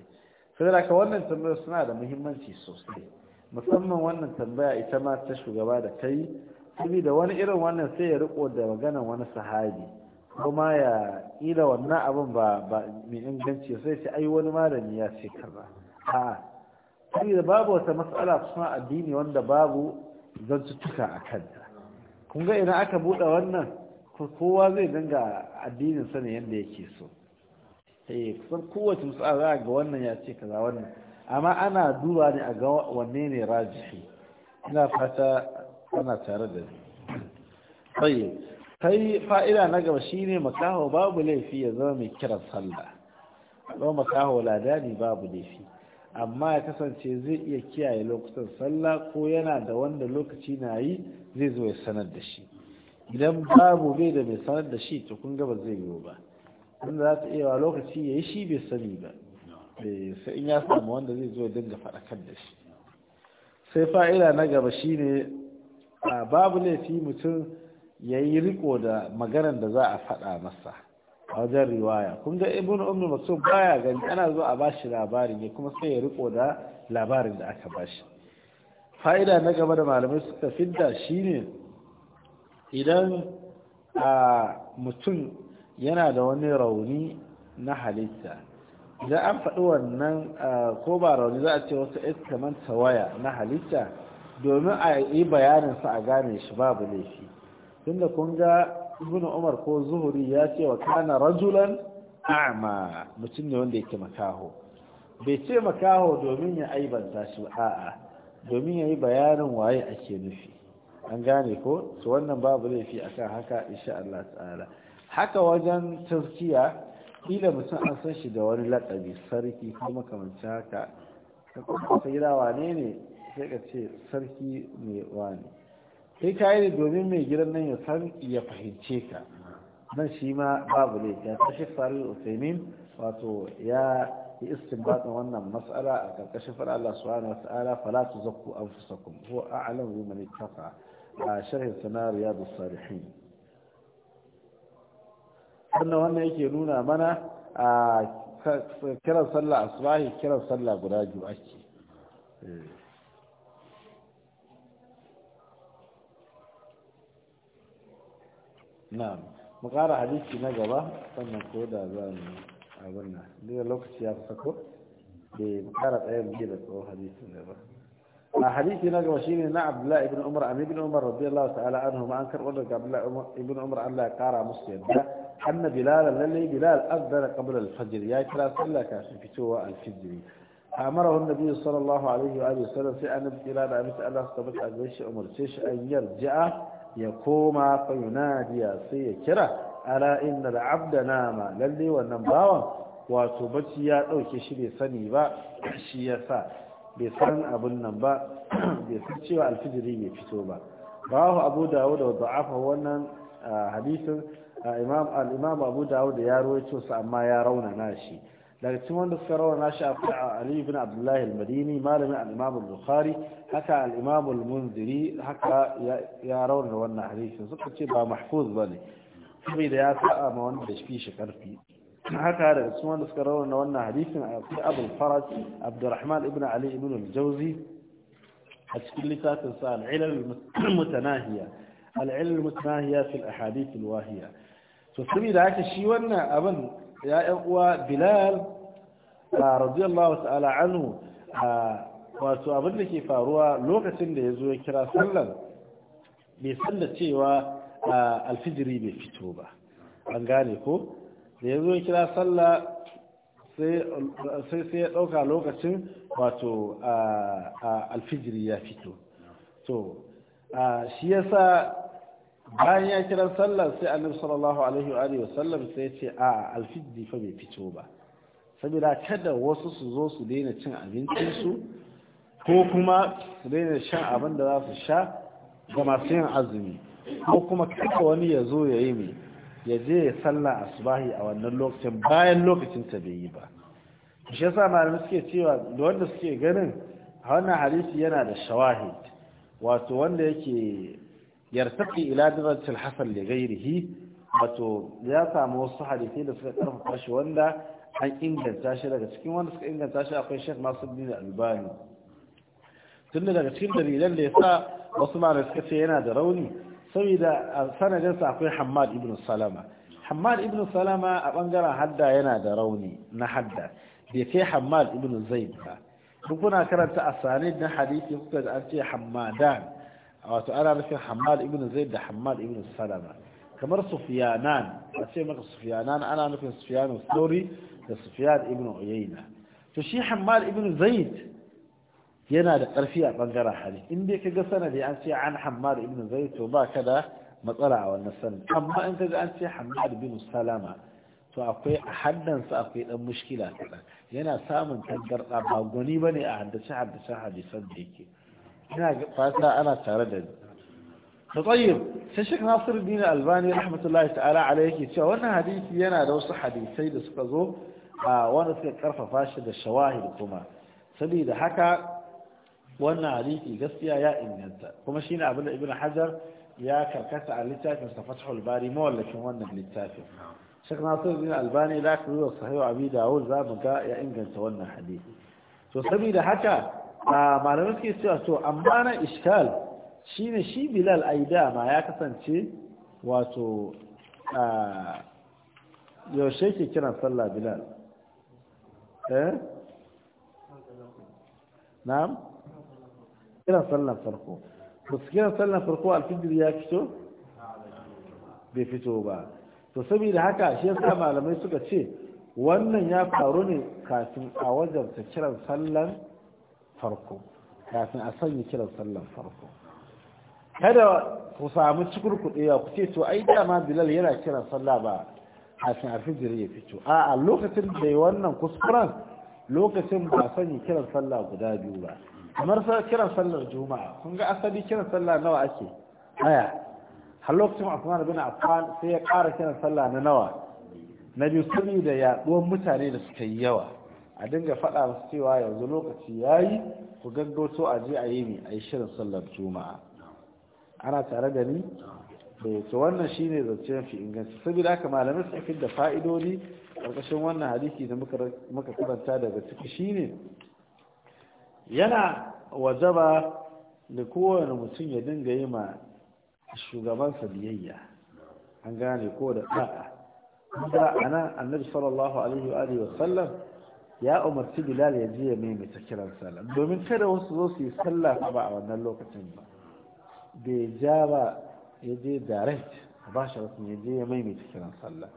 sai da ka wannan tambayar suna da muhimmanci sosai musamman wannan tambaya ita ma ta shugaba da kai da wani irin wannan sai ya riko da maganar wani sahabi kuma ya ila wannan abin ba mai inganci sai ce ai wani malami ya ce kaza a da babu wata matsala suna addini wanda babu zantuttuka a kanta kun ga idan aka buɗe wannan kowa zai ganga addinin sa ne yadda yake so eh kusan kowace musa za ga wannan ya ce kaza wannan amma ana duba ne a ga wanne ne rajihi ina fata ana tare da ni tayyib sai fa'ida na gaba shine makaho babu laifi ya zama mai kiran sallah don makaho ladani babu laifi amma ya kasance zai iya kiyaye lokutan sallah ko yana da wanda lokaci na yi zai zo ya sanar da shi idan babu bai da mai sanar da shi to kun gaba zai yiwu ba wanda za ta iya wa lokaci ya yi shi bai sani ba eh, sai in ya samu wanda zai zo dinga faɗakar da shi sai fa'ida na gaba ne a babu laifi mutum ya yi riko da maganar da za a faɗa masa a wajen riwaya kun ga ibn umar mutum baya gani ana zo a bashi labarin ne kuma sai ya riko da labarin da aka bashi fa'ida na gaba da malamai suka fidda shine idan a mutum yana da wani rauni na halitta idan an faɗi wannan ko ba rauni za a ce wasu iskaman waya na halitta domin a yi sa a gane shi babu laifi tunda kun ga ibn umar ko zuhuri ya ce wa kana rajulan a'ma mutum ne wanda yake makaho bai ce makaho domin ya aibanta shi a'a domin ya yi bayanin waye ake nufi an gane ko to wannan babu laifi akan haka insha Allah ta'ala haka wajen taskiya ila mutum an san shi da wani lakabi sarki ko makamancin haka Ta kuma gida wane ne sai ka ce sarki mai wane sai ka yi domin mai gidan nan ya san ya fahimce ka nan shi ma babu ne ya tashi faru usainin wato ya yi baka wannan matsala a karkashin fara Allah subhanahu wa ta'ala fala tuzakku Ko huwa a'lamu bi man a sharhin sanar riyadus salihin sannan wannan yake nuna mana a kiran sallah asbahi kiran sallah guda biyu ake eh. na'am mu ƙara hadisi na gaba sannan ko da za mu abin nan duk lokaci ya kusa ko da eh, mu ƙara tsayin biyu da tsohon hadisin gaba a hadisi na gaba shine na abdullahi ibn umar an ibn umar radiyallahu ta'ala anhu ma an karɓar daga abdullahi ibn umar Allah ya ƙara musu yadda anna bilal lallai bilal azdara qabla al-fajr ya kira sallah kafin fitowa al-fajr amarahu annabi sallallahu alaihi wa alihi wasallam sai annabi kira da amince Allah ta tabbata ga shi umarce shi an yarja'a ya koma fa yunadiya sai ya kira ala inna al-abda nama lalle wannan bawan wato bacci ya dauke shi bai sani ba shi yasa bai san abun nan ba bai san cewa alfijiri bai fito ba rawahu abu dawud wa da'afa wannan hadisin imam al-imam abu dawud ya rawaito sa amma ya raunana nashi daga cikin wanda suka raunana nashi a ali ibn abdullah al-madini malamin al-imam al-bukhari haka al-imam al-munziri haka ya da wannan hadisin suka ce ba mahfuz kuma saboda ya sa'a ma wanda da shi karfi haka daga cikin wanda suka raunana wannan hadisin akwai abul faraj abdurrahman ibn ali ibn al jauzi a cikin littafin sa al-ilal mutanahiya al-ilal mutanahiya fi al-ahadith al-wahiya to da haka shi wannan abin ya yan uwa bilal radiyallahu ta'ala anhu wato abin da ke faruwa lokacin da ya zo ya kira sallan bai san da cewa alfijiri bai fito ba an gane ko da ya zo ya kira sallah sai sai ya ɗauka lokacin wato a alfijiri ya fito to shi yasa bayan ya kiran sallar sai annabi sallallahu alaihi wa sallam sai ce a alfiddi fa bai fito ba saboda kada wasu su zo su daina cin abincin su ko kuma su daina shan abin da za su sha ga masu yin azumi ko kuma kada wani ya zo ya yi mai ya je ya salla asubahi a wannan lokacin bayan lokacin ta bai yi ba shi yasa malamai suke cewa da wanda suke ganin a wannan hadisi yana da shawahid wato wanda yake yartaki ila darajar hasan li ghairihi wato ya samu wasu hadisi da suka karfafa shi wanda an inganta shi daga cikin wanda suka inganta shi akwai Sheikh Nasiruddin Albani tun daga cikin dalilan da yasa wasu da suka ce yana da rauni saboda a sanadin akwai Hammad ibn Salama Hammad ibn Salama a bangaren hadda yana da rauni na hadda bai kai Hammad ibn Zaid ba duk kuna karanta asanid na hadisi kuka da an ce Hammadan wato ana nufin hamad ibn zaid da hamad ibn salama kamar sufyanan a ce maka sufyanan ana nufin sufyanu sauri da sufyan ibn uyayna to shi hamad ibn zaid yana da ƙarfi a ɓangaren hali in dai ka ga sanadi an ce an hamad ibn zaid to ba ka da matsala a wannan sanin amma in ka ga an ce hamad ibn salama to akwai a haddansa akwai dan mushkila kaɗan yana samun tangarɗa ba gwani ba ne a haddace haddace hadisan da yake ina fata ana tare da ni da tsayyib sai shek nasir din albani rahmatullahi ta'ala ala yake cewa wannan hadisi yana da wasu hadisai da suka zo a wanda suka karfafa shi da shawahid kuma saboda haka wannan hadisi gaskiya ya inganta kuma shine abin da ibn hajar ya karkata a littafin sa fathul bari mawallafin wannan littafin shek nasir dina albani da ka zo sahih abi dawud za mu ga ya inganta wannan hadisi to saboda haka a malamai suke cewa to amma na iskal shi ne shi bilal ai dama ya kasance wato yaushe ke kiran sallah bilal eh? na'am kiran sallah farko ba su kira sallah farko alfijir ya fito bai fito ba to saboda haka shi yasa malamai suka ce wannan ya faru ne kafin a wajen ta kiran sallan farko kafin a sanya kiran sallan farko kada ku samu cikurkuɗewa ku ce to ai dama bilal yana kiran sallah ba kafin alfijir ya fito a a lokacin da yi wannan kuskuren lokacin ba sanya kiran sallah guda biyu ba kamar kiran sallar juma'a kun ga asali kiran sallah nawa ake aya har lokacin na bin Affan sai ya kara kiran sallah na nawa na biyu da yaɗuwar mutane da suka yi yawa a dinga faɗa masu cewa yanzu lokaci ya yi ku gaggauto a je a yi ne a yi shirin sallar juma'a ana tare da ni bai eh, to wannan shi ne zance fi inganci saboda haka malamin sun fi da fa'idodi ƙarƙashin wannan hadisi da muka karanta daga ciki ne yana wajaba da kowane mutum ya dinga yi ma shugabansa biyayya an gane ko da ɗa'a ana annabi sallallahu alaihi wa sallam ya umarci bilal ya je ya maimaita kiran sallah domin kada wasu zo su yi sallah ba a wannan lokacin ba bai ja ba ya je direct a ba shi wasu ya je ya maimaita kiran sallah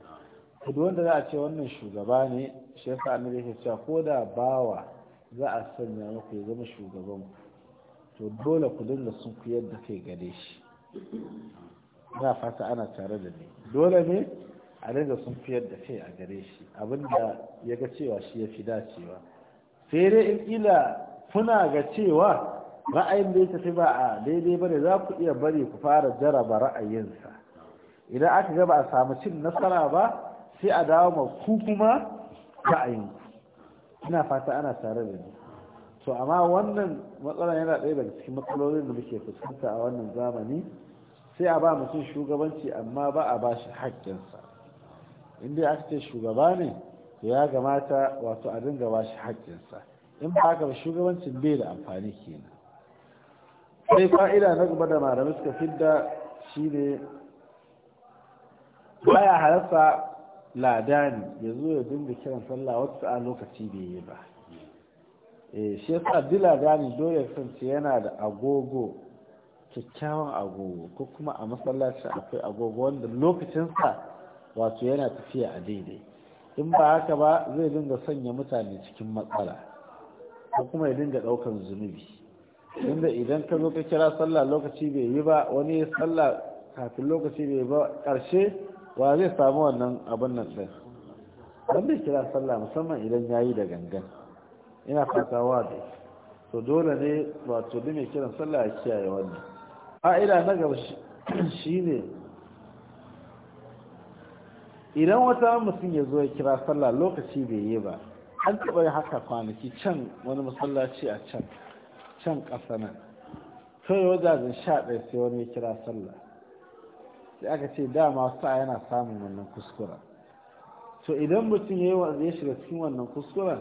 kudu wanda za a ce wannan shugaba ne shi yasa annabi yake cewa ko da bawa za a sanya maku ya zama shugaban to dole ku dinga sun ku yadda kai gare shi na fata ana tare da ni dole ne a daga sun fiyar da kai a gare shi abinda ya ga cewa shi ya fi dacewa sai dai in ila kuna ga cewa ra'ayin da ya tafi ba a daidai ba ne za ku iya bari ku fara jaraba ra'ayinsa idan aka ga ba a samu cin nasara ba sai a dawo ma ku kuma ra'ayin ina fata ana tare da ni to amma wannan matsala yana ɗaya daga cikin matsalolin da muke fuskanta a wannan zamani sai a ba mutum shugabanci amma ba a ba shi haƙƙinsa inda aka ce shugaba ne to ya gamata wato a dinga ba shi haƙƙinsa in ba haka shugabancin bai da amfani kenan sai fa'ida na gaba da malamai suka fidda Ba ya halarsa ladani ya zo ya dinga kiran sallah wata sa'a lokaci bai yi ba eh, shi ya sa duk ladani dole kasance yana da agogo kyakkyawan agogo ko kuma a masallaci akwai agogo wanda lokacinsa wato yana tafiya a daidai in ba haka ba zai dinga sanya mutane cikin matsala ko kuma ya dinga ɗaukan zunubi inda idan ka zo ka kira sallah lokaci bai yi ba wani sallah kafin lokaci bai ba karshe wa zai samu wannan abin nan din wanda ya kira sallah musamman idan ya yi da gangan ina fata wa da to dole ne wato duk mai kiran sallah ya kiyaye wannan Fa'ida na gaba shi ne idan wata mutum ya zo ya kira sallah lokaci bai yi ba an taɓa haka kwanaki can wani masallaci a can can ƙasa nan sai wajajen sha ɗaya sai wani ya kira sallah sai aka ce dama sa yana samun wannan kuskura to idan mutum ya shiga cikin wannan kuskura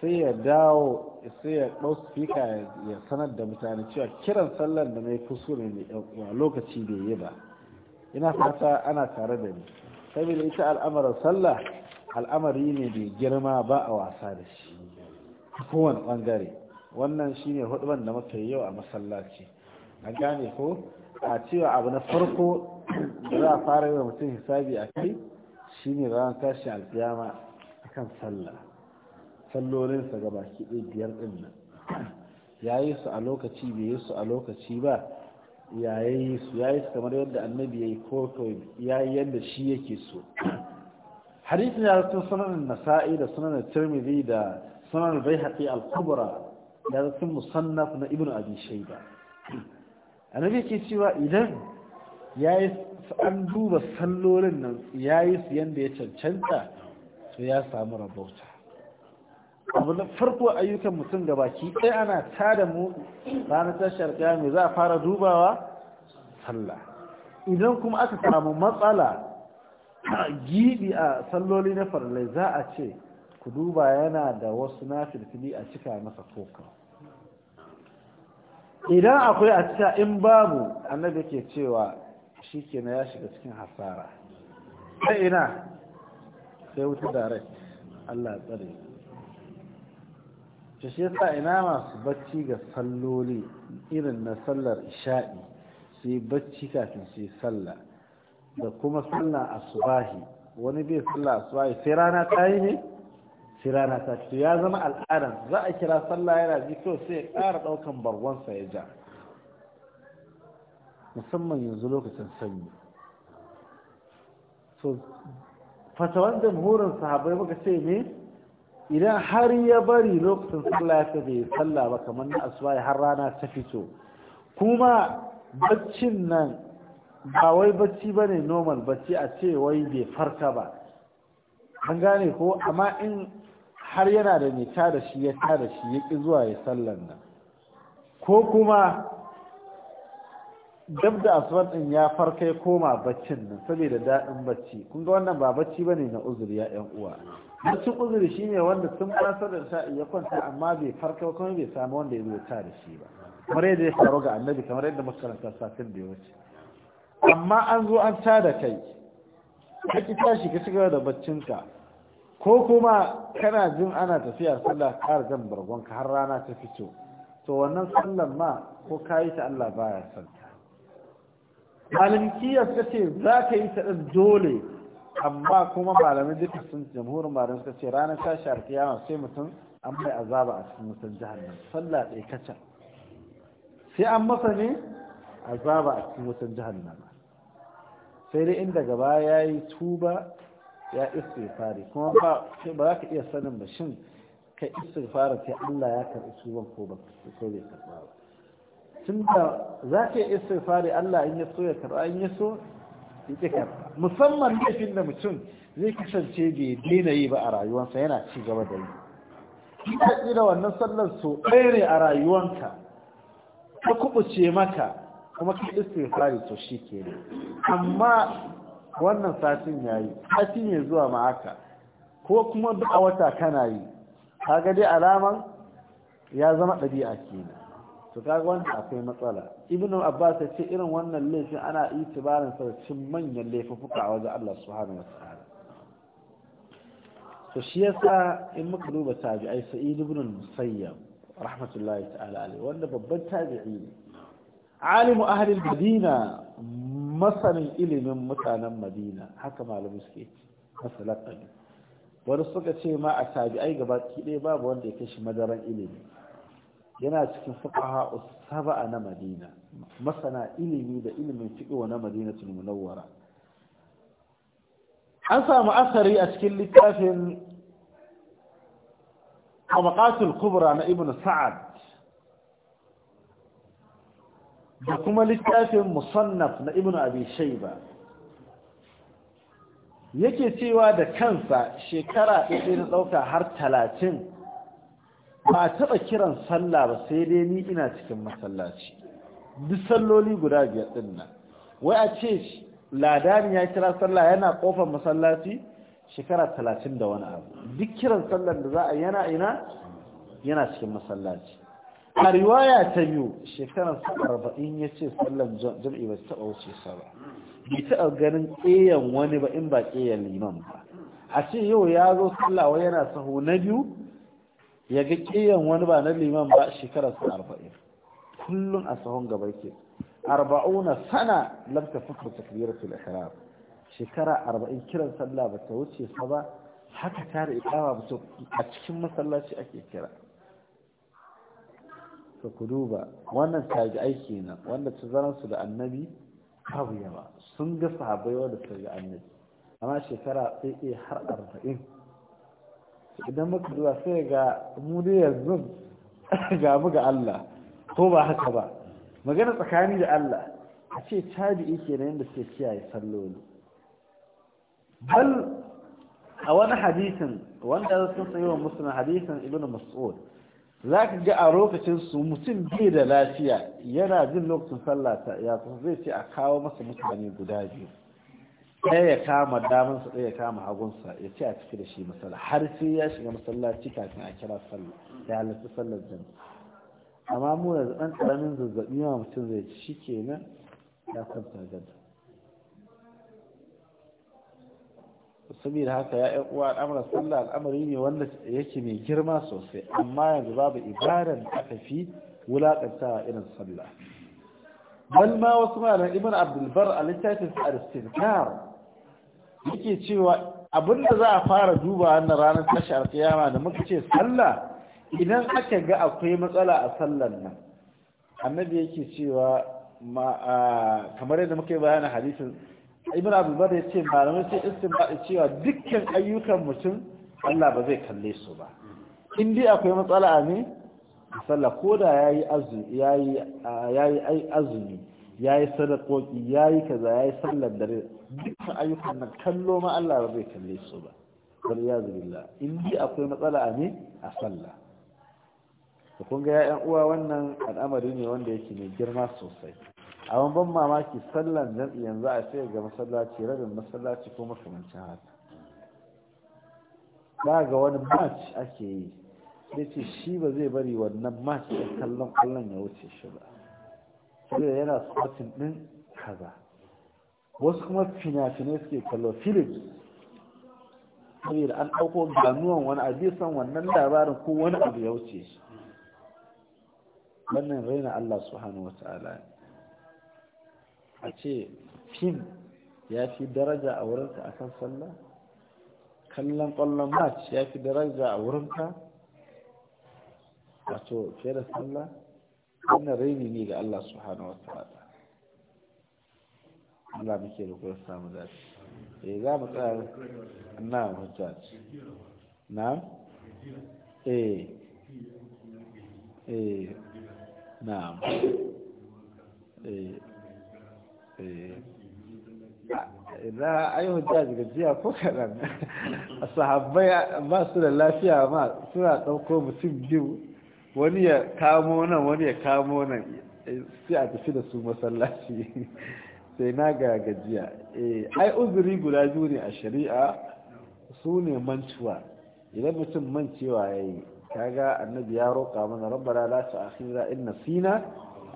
sai ya dawo sai ya ɗau spika ya sanar da mutane cewa kiran sallar da mai kuskure ne lokaci bai yi ba ina fata ana tare da ni saboda ita al'amarin sallah al'amari ne da girma ba a wasa da shi kowane ɓangare wannan shi ne hudubar da muka yi yau a masallaci a gane ko a cewa abu na farko da za a fara yi mutum hisabi a kai shi ne ranar tashi alfiyama a kan sallah sallolinsa ga baki ɗaya biyar ɗin nan ya yi su a lokaci bai yi su a lokaci ba yayi su yayi kamar yadda annabi yayi ko kawai yayi yadda shi yake so hadisin ya rasu sunan nasa'i da sunan tirmidhi da sunan bayhaqi al-kubra da rasu musannaf na ibnu abi shayba annabi ke cewa idan yayi an duba sallolin nan yayi su yanda ya cancanta to ya samu rabauta abu na farko ayyukan mutum da baki ɗaya ana tada mu ranar tashar mai za a fara dubawa sallah idan kuma aka samu matsala giɗi a salloli na farlai za a ce ku duba yana da wasu na filfili a cika masa koka idan akwai a cika in babu annabi ke cewa shi kenan ya shiga cikin hasara sai ina sai wuta direct Allah tsare to shi yasa ina masu bacci ga salloli irin na sallar isha'i su yi bacci kafin su yi sallah da kuma sallah asubahi wani bai sallah asubahi sai rana ta yi ne sai rana ta fito ya zama al'adan za a kira sallah yana ji kyau sai ya ƙara ɗaukan barwansa ya ja musamman yanzu lokacin sanyi so fatawan jamhurin sahabai muka ce ne idan har ya bari lokacin sallah ta bai sallah ba kamar na asuba har rana ta fito kuma baccin nan ba wai bacci ba ne normal bacci a ce wai bai farka ba an gane ko amma in har yana da ta da shi ya ta da shi ya ƙi zuwa ya sallan nan ko kuma dab da asuban din ya farka ya koma baccin nan saboda daɗin bacci kun ga wannan ba bacci bane na uzuri ya ƴan uwa bacci uzuri shine wanda sun fasa da sa ya kwanta amma bai farka kuma bai samu wanda ya zo ta da shi ba kamar yadda ya faru ga annabi kamar yadda makaranta satin da ya wuce amma an zo an ta da kai ka ki tashi ka cigaba da ka. ko kuma kana jin ana tafiya sallah ƙara jan bargonka har rana ta fito to wannan sallan ma ko kayi ta Allah baya son malikiya suka ce za ka yi ta dole amma kuma malamai duka sun jamhurin malamai suka ce ranar tashi alkiyama sai mutum an bai azaba a cikin wutan jahannam sallah ɗaya kaca sai an masa ne azaba a cikin jihar nan, sai dai inda gaba ya yi tuba ya istighfari kuma ba za ka iya sanin ba shin ka istighfara sai Allah ya karɓi tuban ko ba ko bai karɓa ba tunda za ka yi istighfari Allah in ya so ya karɓa in ya so ya ƙi musamman laifin da mutum zai kasance bai daina yi ba a rayuwarsa yana ci gaba da yi ka da wannan sallar so ɗaya ne a rayuwanka ka ce maka kuma ka istighfari to shi ke ne amma wannan satin ya yi sati ne zuwa ma haka ko kuma duk a wata kana yi ka ga alaman ya zama ɗabi'a kenan to kaga wannan akwai matsala ibnu abbas ya ce irin wannan laifin ana itibarin sa cin manyan laifuka a wajen Allah subhanahu wataala to shi yasa in muka duba tabi'ai sa'id ibn musayyab rahmatullahi ta'ala alaihi wanda babban tabi'i ne alimu ahli madina masanin ilimin mutanen madina haka malamu suke masalaka wani suka ce ma a tabi'ai gaba ɗaya babu wanda ya kashi madarar madaran ilimi yana cikin fuqaha usaba'a na Madina masana ilimi da ilimin fiqh na Madinatul Munawwara an samu asari a cikin littafin Tabaqatul Kubra na Ibn Sa'ad da kuma littafin musannaf na ibn abi Shayba yake cewa da kansa shekara ɗaya na ɗauka har talatin ba a taɓa kiran sallah ba sai dai ni ina cikin masallaci duk salloli guda biyar ɗin nan wai a ce ladani ya kira sallah yana kofar masallaci shekara talatin da wani abu duk kiran sallar da za a yana ina yana cikin masallaci a riwaya ta biyu shekara arba'in ya ce sallar jam'i ba taɓa wuce sa ba bai taɓa ganin ƙeyan wani ba in ba ƙeyan liman ba a ce yau ya zo sallah wai yana saho na biyu ya ga ƙiyan wani ba na liman ba shekarar sa arba'in kullum a sahun gaba yake arba'una sana lam tafuku takbiratul ihram shekara arba'in kiran sallah ba ta wuce sa ba haka tare ikama ba a cikin masallaci ake kira ka ku duba wannan taji aiki na wanda tazaransu da annabi babu yawa sun ga sahabbai wanda suka ga annabi amma shekara tsaye har arba'in idan muka zuwa sai ga mudu ya yanzu ga mu Allah ko ba haka ba magana tsakani da Allah a ce tabi'i kenan da suke kiyaye salloli bal a wani hadisin wanda sun tsaye wa musulun hadisin ibn mas'ud za ka ga a lokacin su mutum bai da lafiya yana jin lokacin sallah ya zai ce a kawo masa mutane guda biyu ɗaya ya kama damansa ɗaya ya kama hagunsa ya ce a ciki da shi masala har sai ya shiga masallaci kafin a kira sallah ya halatta sallar jami'a amma mu da ɗan ƙaramin zazzaɓi yawa mutum zai ci shi kenan ya kwanta gada saboda haka ya yi uwa al'amuran sallah al'amari ne wanda yake mai girma sosai amma yanzu babu ibadan da aka fi wulaƙantawa irin sallah bal ma wasu malam ibn abdulbar a littafin al-istizkar muke cewa abin da za a fara duba wannan ranar tashi alkiyama da muka ce sallah idan aka ga akwai matsala a sallan nan annabi yake cewa kamar yadda muka yi bayanin hadisin ibn bar ya ce malamai sai istinbaɗi cewa dukkan ayyukan mutum allah ba zai kalle su ba in dai akwai matsala a ne sallah ko da ya yi azumi ya yi sadakoki ya yi kaza ya yi sallar dare dukkan ayyukan nan kallo ma Allah ba zai kalle su ba wal yazu billah in bi akwai matsala a ne a sallah to kun ga ƴaƴan uwa wannan al'amari ne wanda yake mai girma sosai a ban mamaki sallan nan yanzu a sai ga masallaci rabin masallaci ko makamancin haka ba ga wani match ake yi sai ce shi ba zai bari wannan match kallon kallon ya wuce shi ba sai yana sporting din kaza wasu kuma fina-finai suke kallo philips saboda an ɗauko ganuwan wani abu san wannan labarin ko wani abu ya wuce shi wannan raina Allah subhanahu wa ta'ala a ce fim ya fi daraja a wurinka a kan sallah kallon ƙwallon match ya fi daraja a wurinka wato fiye da sallah wannan raini ne ga Allah hannu wa ta'ala Allah muke da kuwa samu dace eh za mu tsaya na hujjat na eh eh na eh eh na ai hujjaj gajiya ko kaɗan sahabbai ba su da lafiya ma suna ɗauko mutum biyu wani ya kamo nan wani ya kamo nan eh, sai a tafi da su masallaci sai na ga gajiya eh, ai uzuri guda biyu ne a shari'a su ne mantuwa idan mutum mancewa ya yi kaga annabi ya roƙa mana rabbana la ta'khira in nasina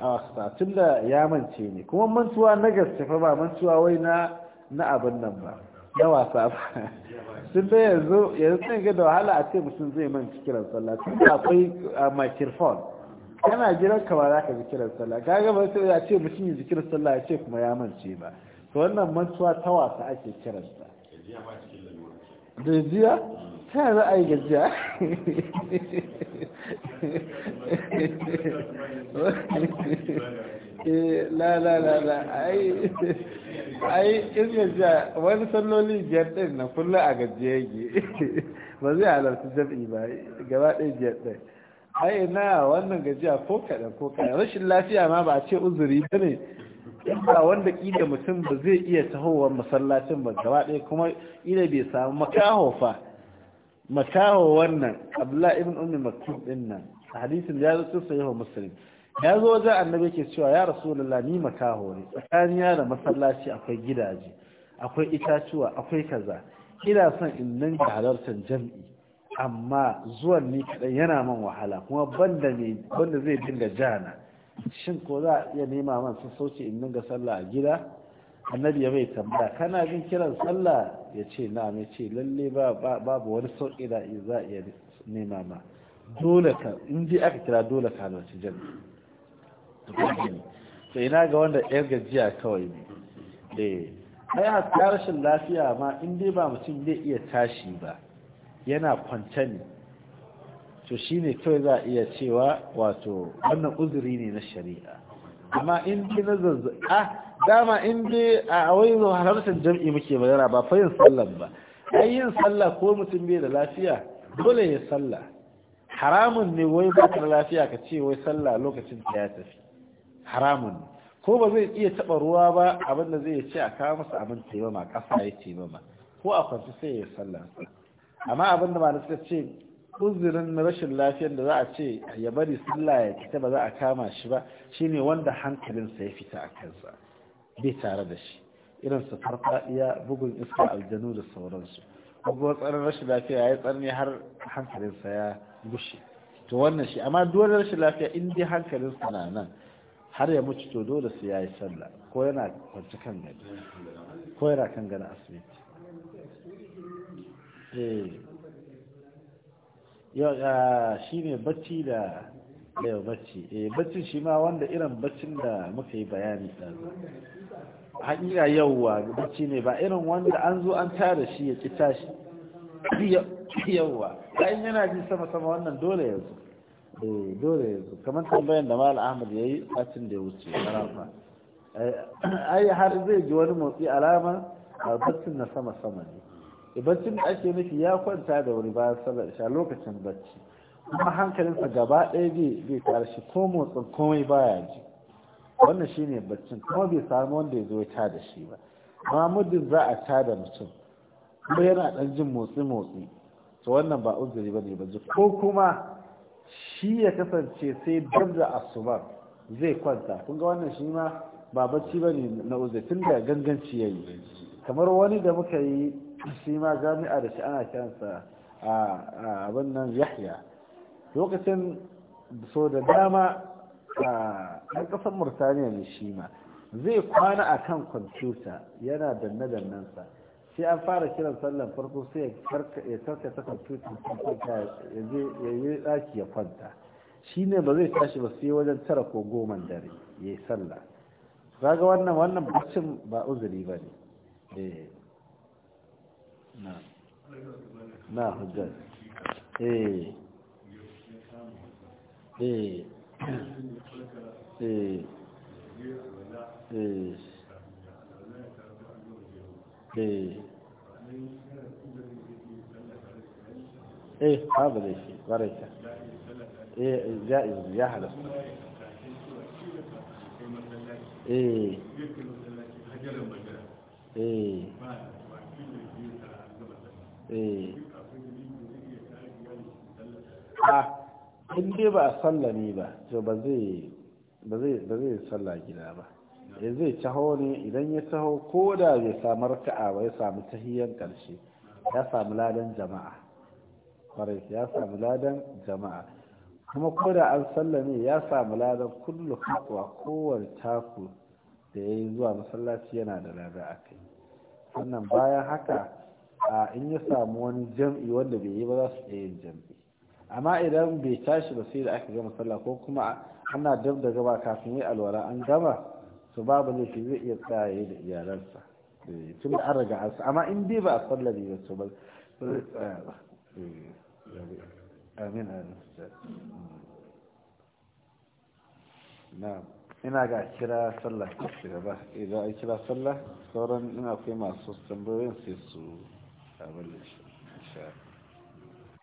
aw akhtana tunda ya mance ne kuma mantuwa na gaske fa ba mantuwa wai na na abin nan ba na wasa ba sun da yanzu yanzu sun ga da wahala a ce mutum zai manci kiran sallah tun akwai uh, microphone kana gidan ka ba za ka zikirar sallah kaga ba sai ya ce mutum ya zikirar sallah ya ce kuma ya mance ba to wannan mantuwa ta wasa ake kiransa gajiya ta za a yi gajiya eh, la la la la ai ai in gajiya wani salloli biyar din na kullum a gajiya ba zai halarci jam'i ba gaba ɗaya biyar ɗin ai na wannan gajiya ko kaɗan ko kaɗan rashin lafiya ma ba a ce uzuri ba ne ba wanda kida mutum ba zai iya tahowa masallacin ba gaba ɗaya kuma ina bai samu makaho fa makaho wannan abdullahi ibn ummi maktub din nan hadisin da ya zo cikin sahih muslim ya zo wajen annabi yake cewa ya rasulullah ni makaho ne ya da masallaci akwai gidaje akwai itatuwa akwai kaza ina son in nan halartar jam'i amma zuwan ni kaɗai yana man wahala kuma banda ne banda zai dinga jana shin ko za a iya nema man sassauci in dinga sallah a gida annabi ya mai tambaya kana bin kiran sallah ya ce na mai ce lalle babu wani sauƙi da za a iya nema ma dole ka in ji aka kira dole ka halarci jami'a to ina ga wanda yar gajiya kawai ne eh ai a rashin lafiya ma in dai ba mutum zai iya tashi ba yana kwanta ne to shine ne kawai za a iya cewa wato wannan uzuri ne na shari'a amma in bi na dama in bi a wai halartar jam'i muke magana ba fa yin sallah ba ai yin sallah ko mutum bai da lafiya dole ya salla haramun ne wai ba da lafiya ka ce wai sallah lokacin ta ya tafi haramun ne ko ba zai iya taba ruwa ba abin da zai ce a kawo masa abin taimama kasa ya taimama ko a kwanci sai ya sallah amma abin da malam suka ce uzurin rashin lafiyar da za a ce ya bari sallah ya fita ba za a kama shi ba shine wanda hankalinsa ya fita a kansa bai tare da shi irin su farfadiya bugun iska aljanu da sauransu kuma tsarin rashin lafiya ya yi tsarni har hankalinsa ya gushe to wannan shi amma dole rashin lafiya in dai hankalinsa na nan har ya mutu to dole su ya yi sallah ko yana kwanci kan gani ko yana kan gani asibiti Eh. Ah, shi ne bacci da yau bacci eh bacci shi ma wanda irin baccin da muka yi bayani Hanyar hakika yauwa bacci ne ba irin wanda an zo an tara shi ya ƙi shi. yauwa ɗayan yana ji sama-sama wannan dole ya zo eh, dole ya zo kamar tambayan da mal ahmad ya yi bacin da ya wuce ƙarafa eh, ai har zai ji wani motsi alama a baccin na sama-sama ne Eh, baccin da ake nufi ya kwanta da wuri bayan sallar isha lokacin bacci kuma hankalinsa gaba ɗaya bai bai shi ko motsin komai baya ji wannan shine baccin kuma bai samu wanda ya zo ya tada shi ba amma muddin za a tada mutum kuma yana ɗan jin motsi motsi to wannan ba uzuri ba ne ba ko kuma shi ya kasance sai dab da asuba zai kwanta kun ga wannan shi ma ba bacci ba ne na uzuri tun da ganganci ya yi kamar wani da muka yi shi ma jami'a da shi ana kiransa a abin nan yahya lokacin so da dama a ɗan ƙasar murtaniya ne shi ma zai kwana a kan kwamfuta yana danne dannensa sai an fara kiran sallan farko sai ya karkata kwamfutan kwamfuta ya yi ɗaki ya kwanta shi ne ba zai tashi ba sai wajen tara ko goman dare ya yi sallah ga wannan wannan bacin ba uzuri ba ne eh. na hujjar eh eh eh eh eh haka eh, da shi ƙwararka eh ja'iz ya halasta eh eh Eh. a ah, in dai ba a ne ba to ba zai salla gida ba ya eh, zai taho ne idan ya taho ko da bai samu raka'a ba ya samu tahiyyan karshe ya samu ladan jama'a kwarai ya samu ladan jama'a kuma ko da an sallame ya samu ladan kullu kuwa kowar taku da ya yi zuwa masallaci yana da lada a kai sannan bayan haka a in ya samu wani jam'i wanda bai yi ba za su iya jam'i amma idan bai tashi ba sai da aka gama sallah ko kuma ana dab da gaba kafin yi alwara, an gama su babu laifi zai iya tsaye da iyalansa eh, tun an raga an amma in dai ba a sallar ba su ba zai tsaya ba eh, ina ga kira sallah ba idan an kira sallah sauran ina kai masu tambayoyin sai su abin da shi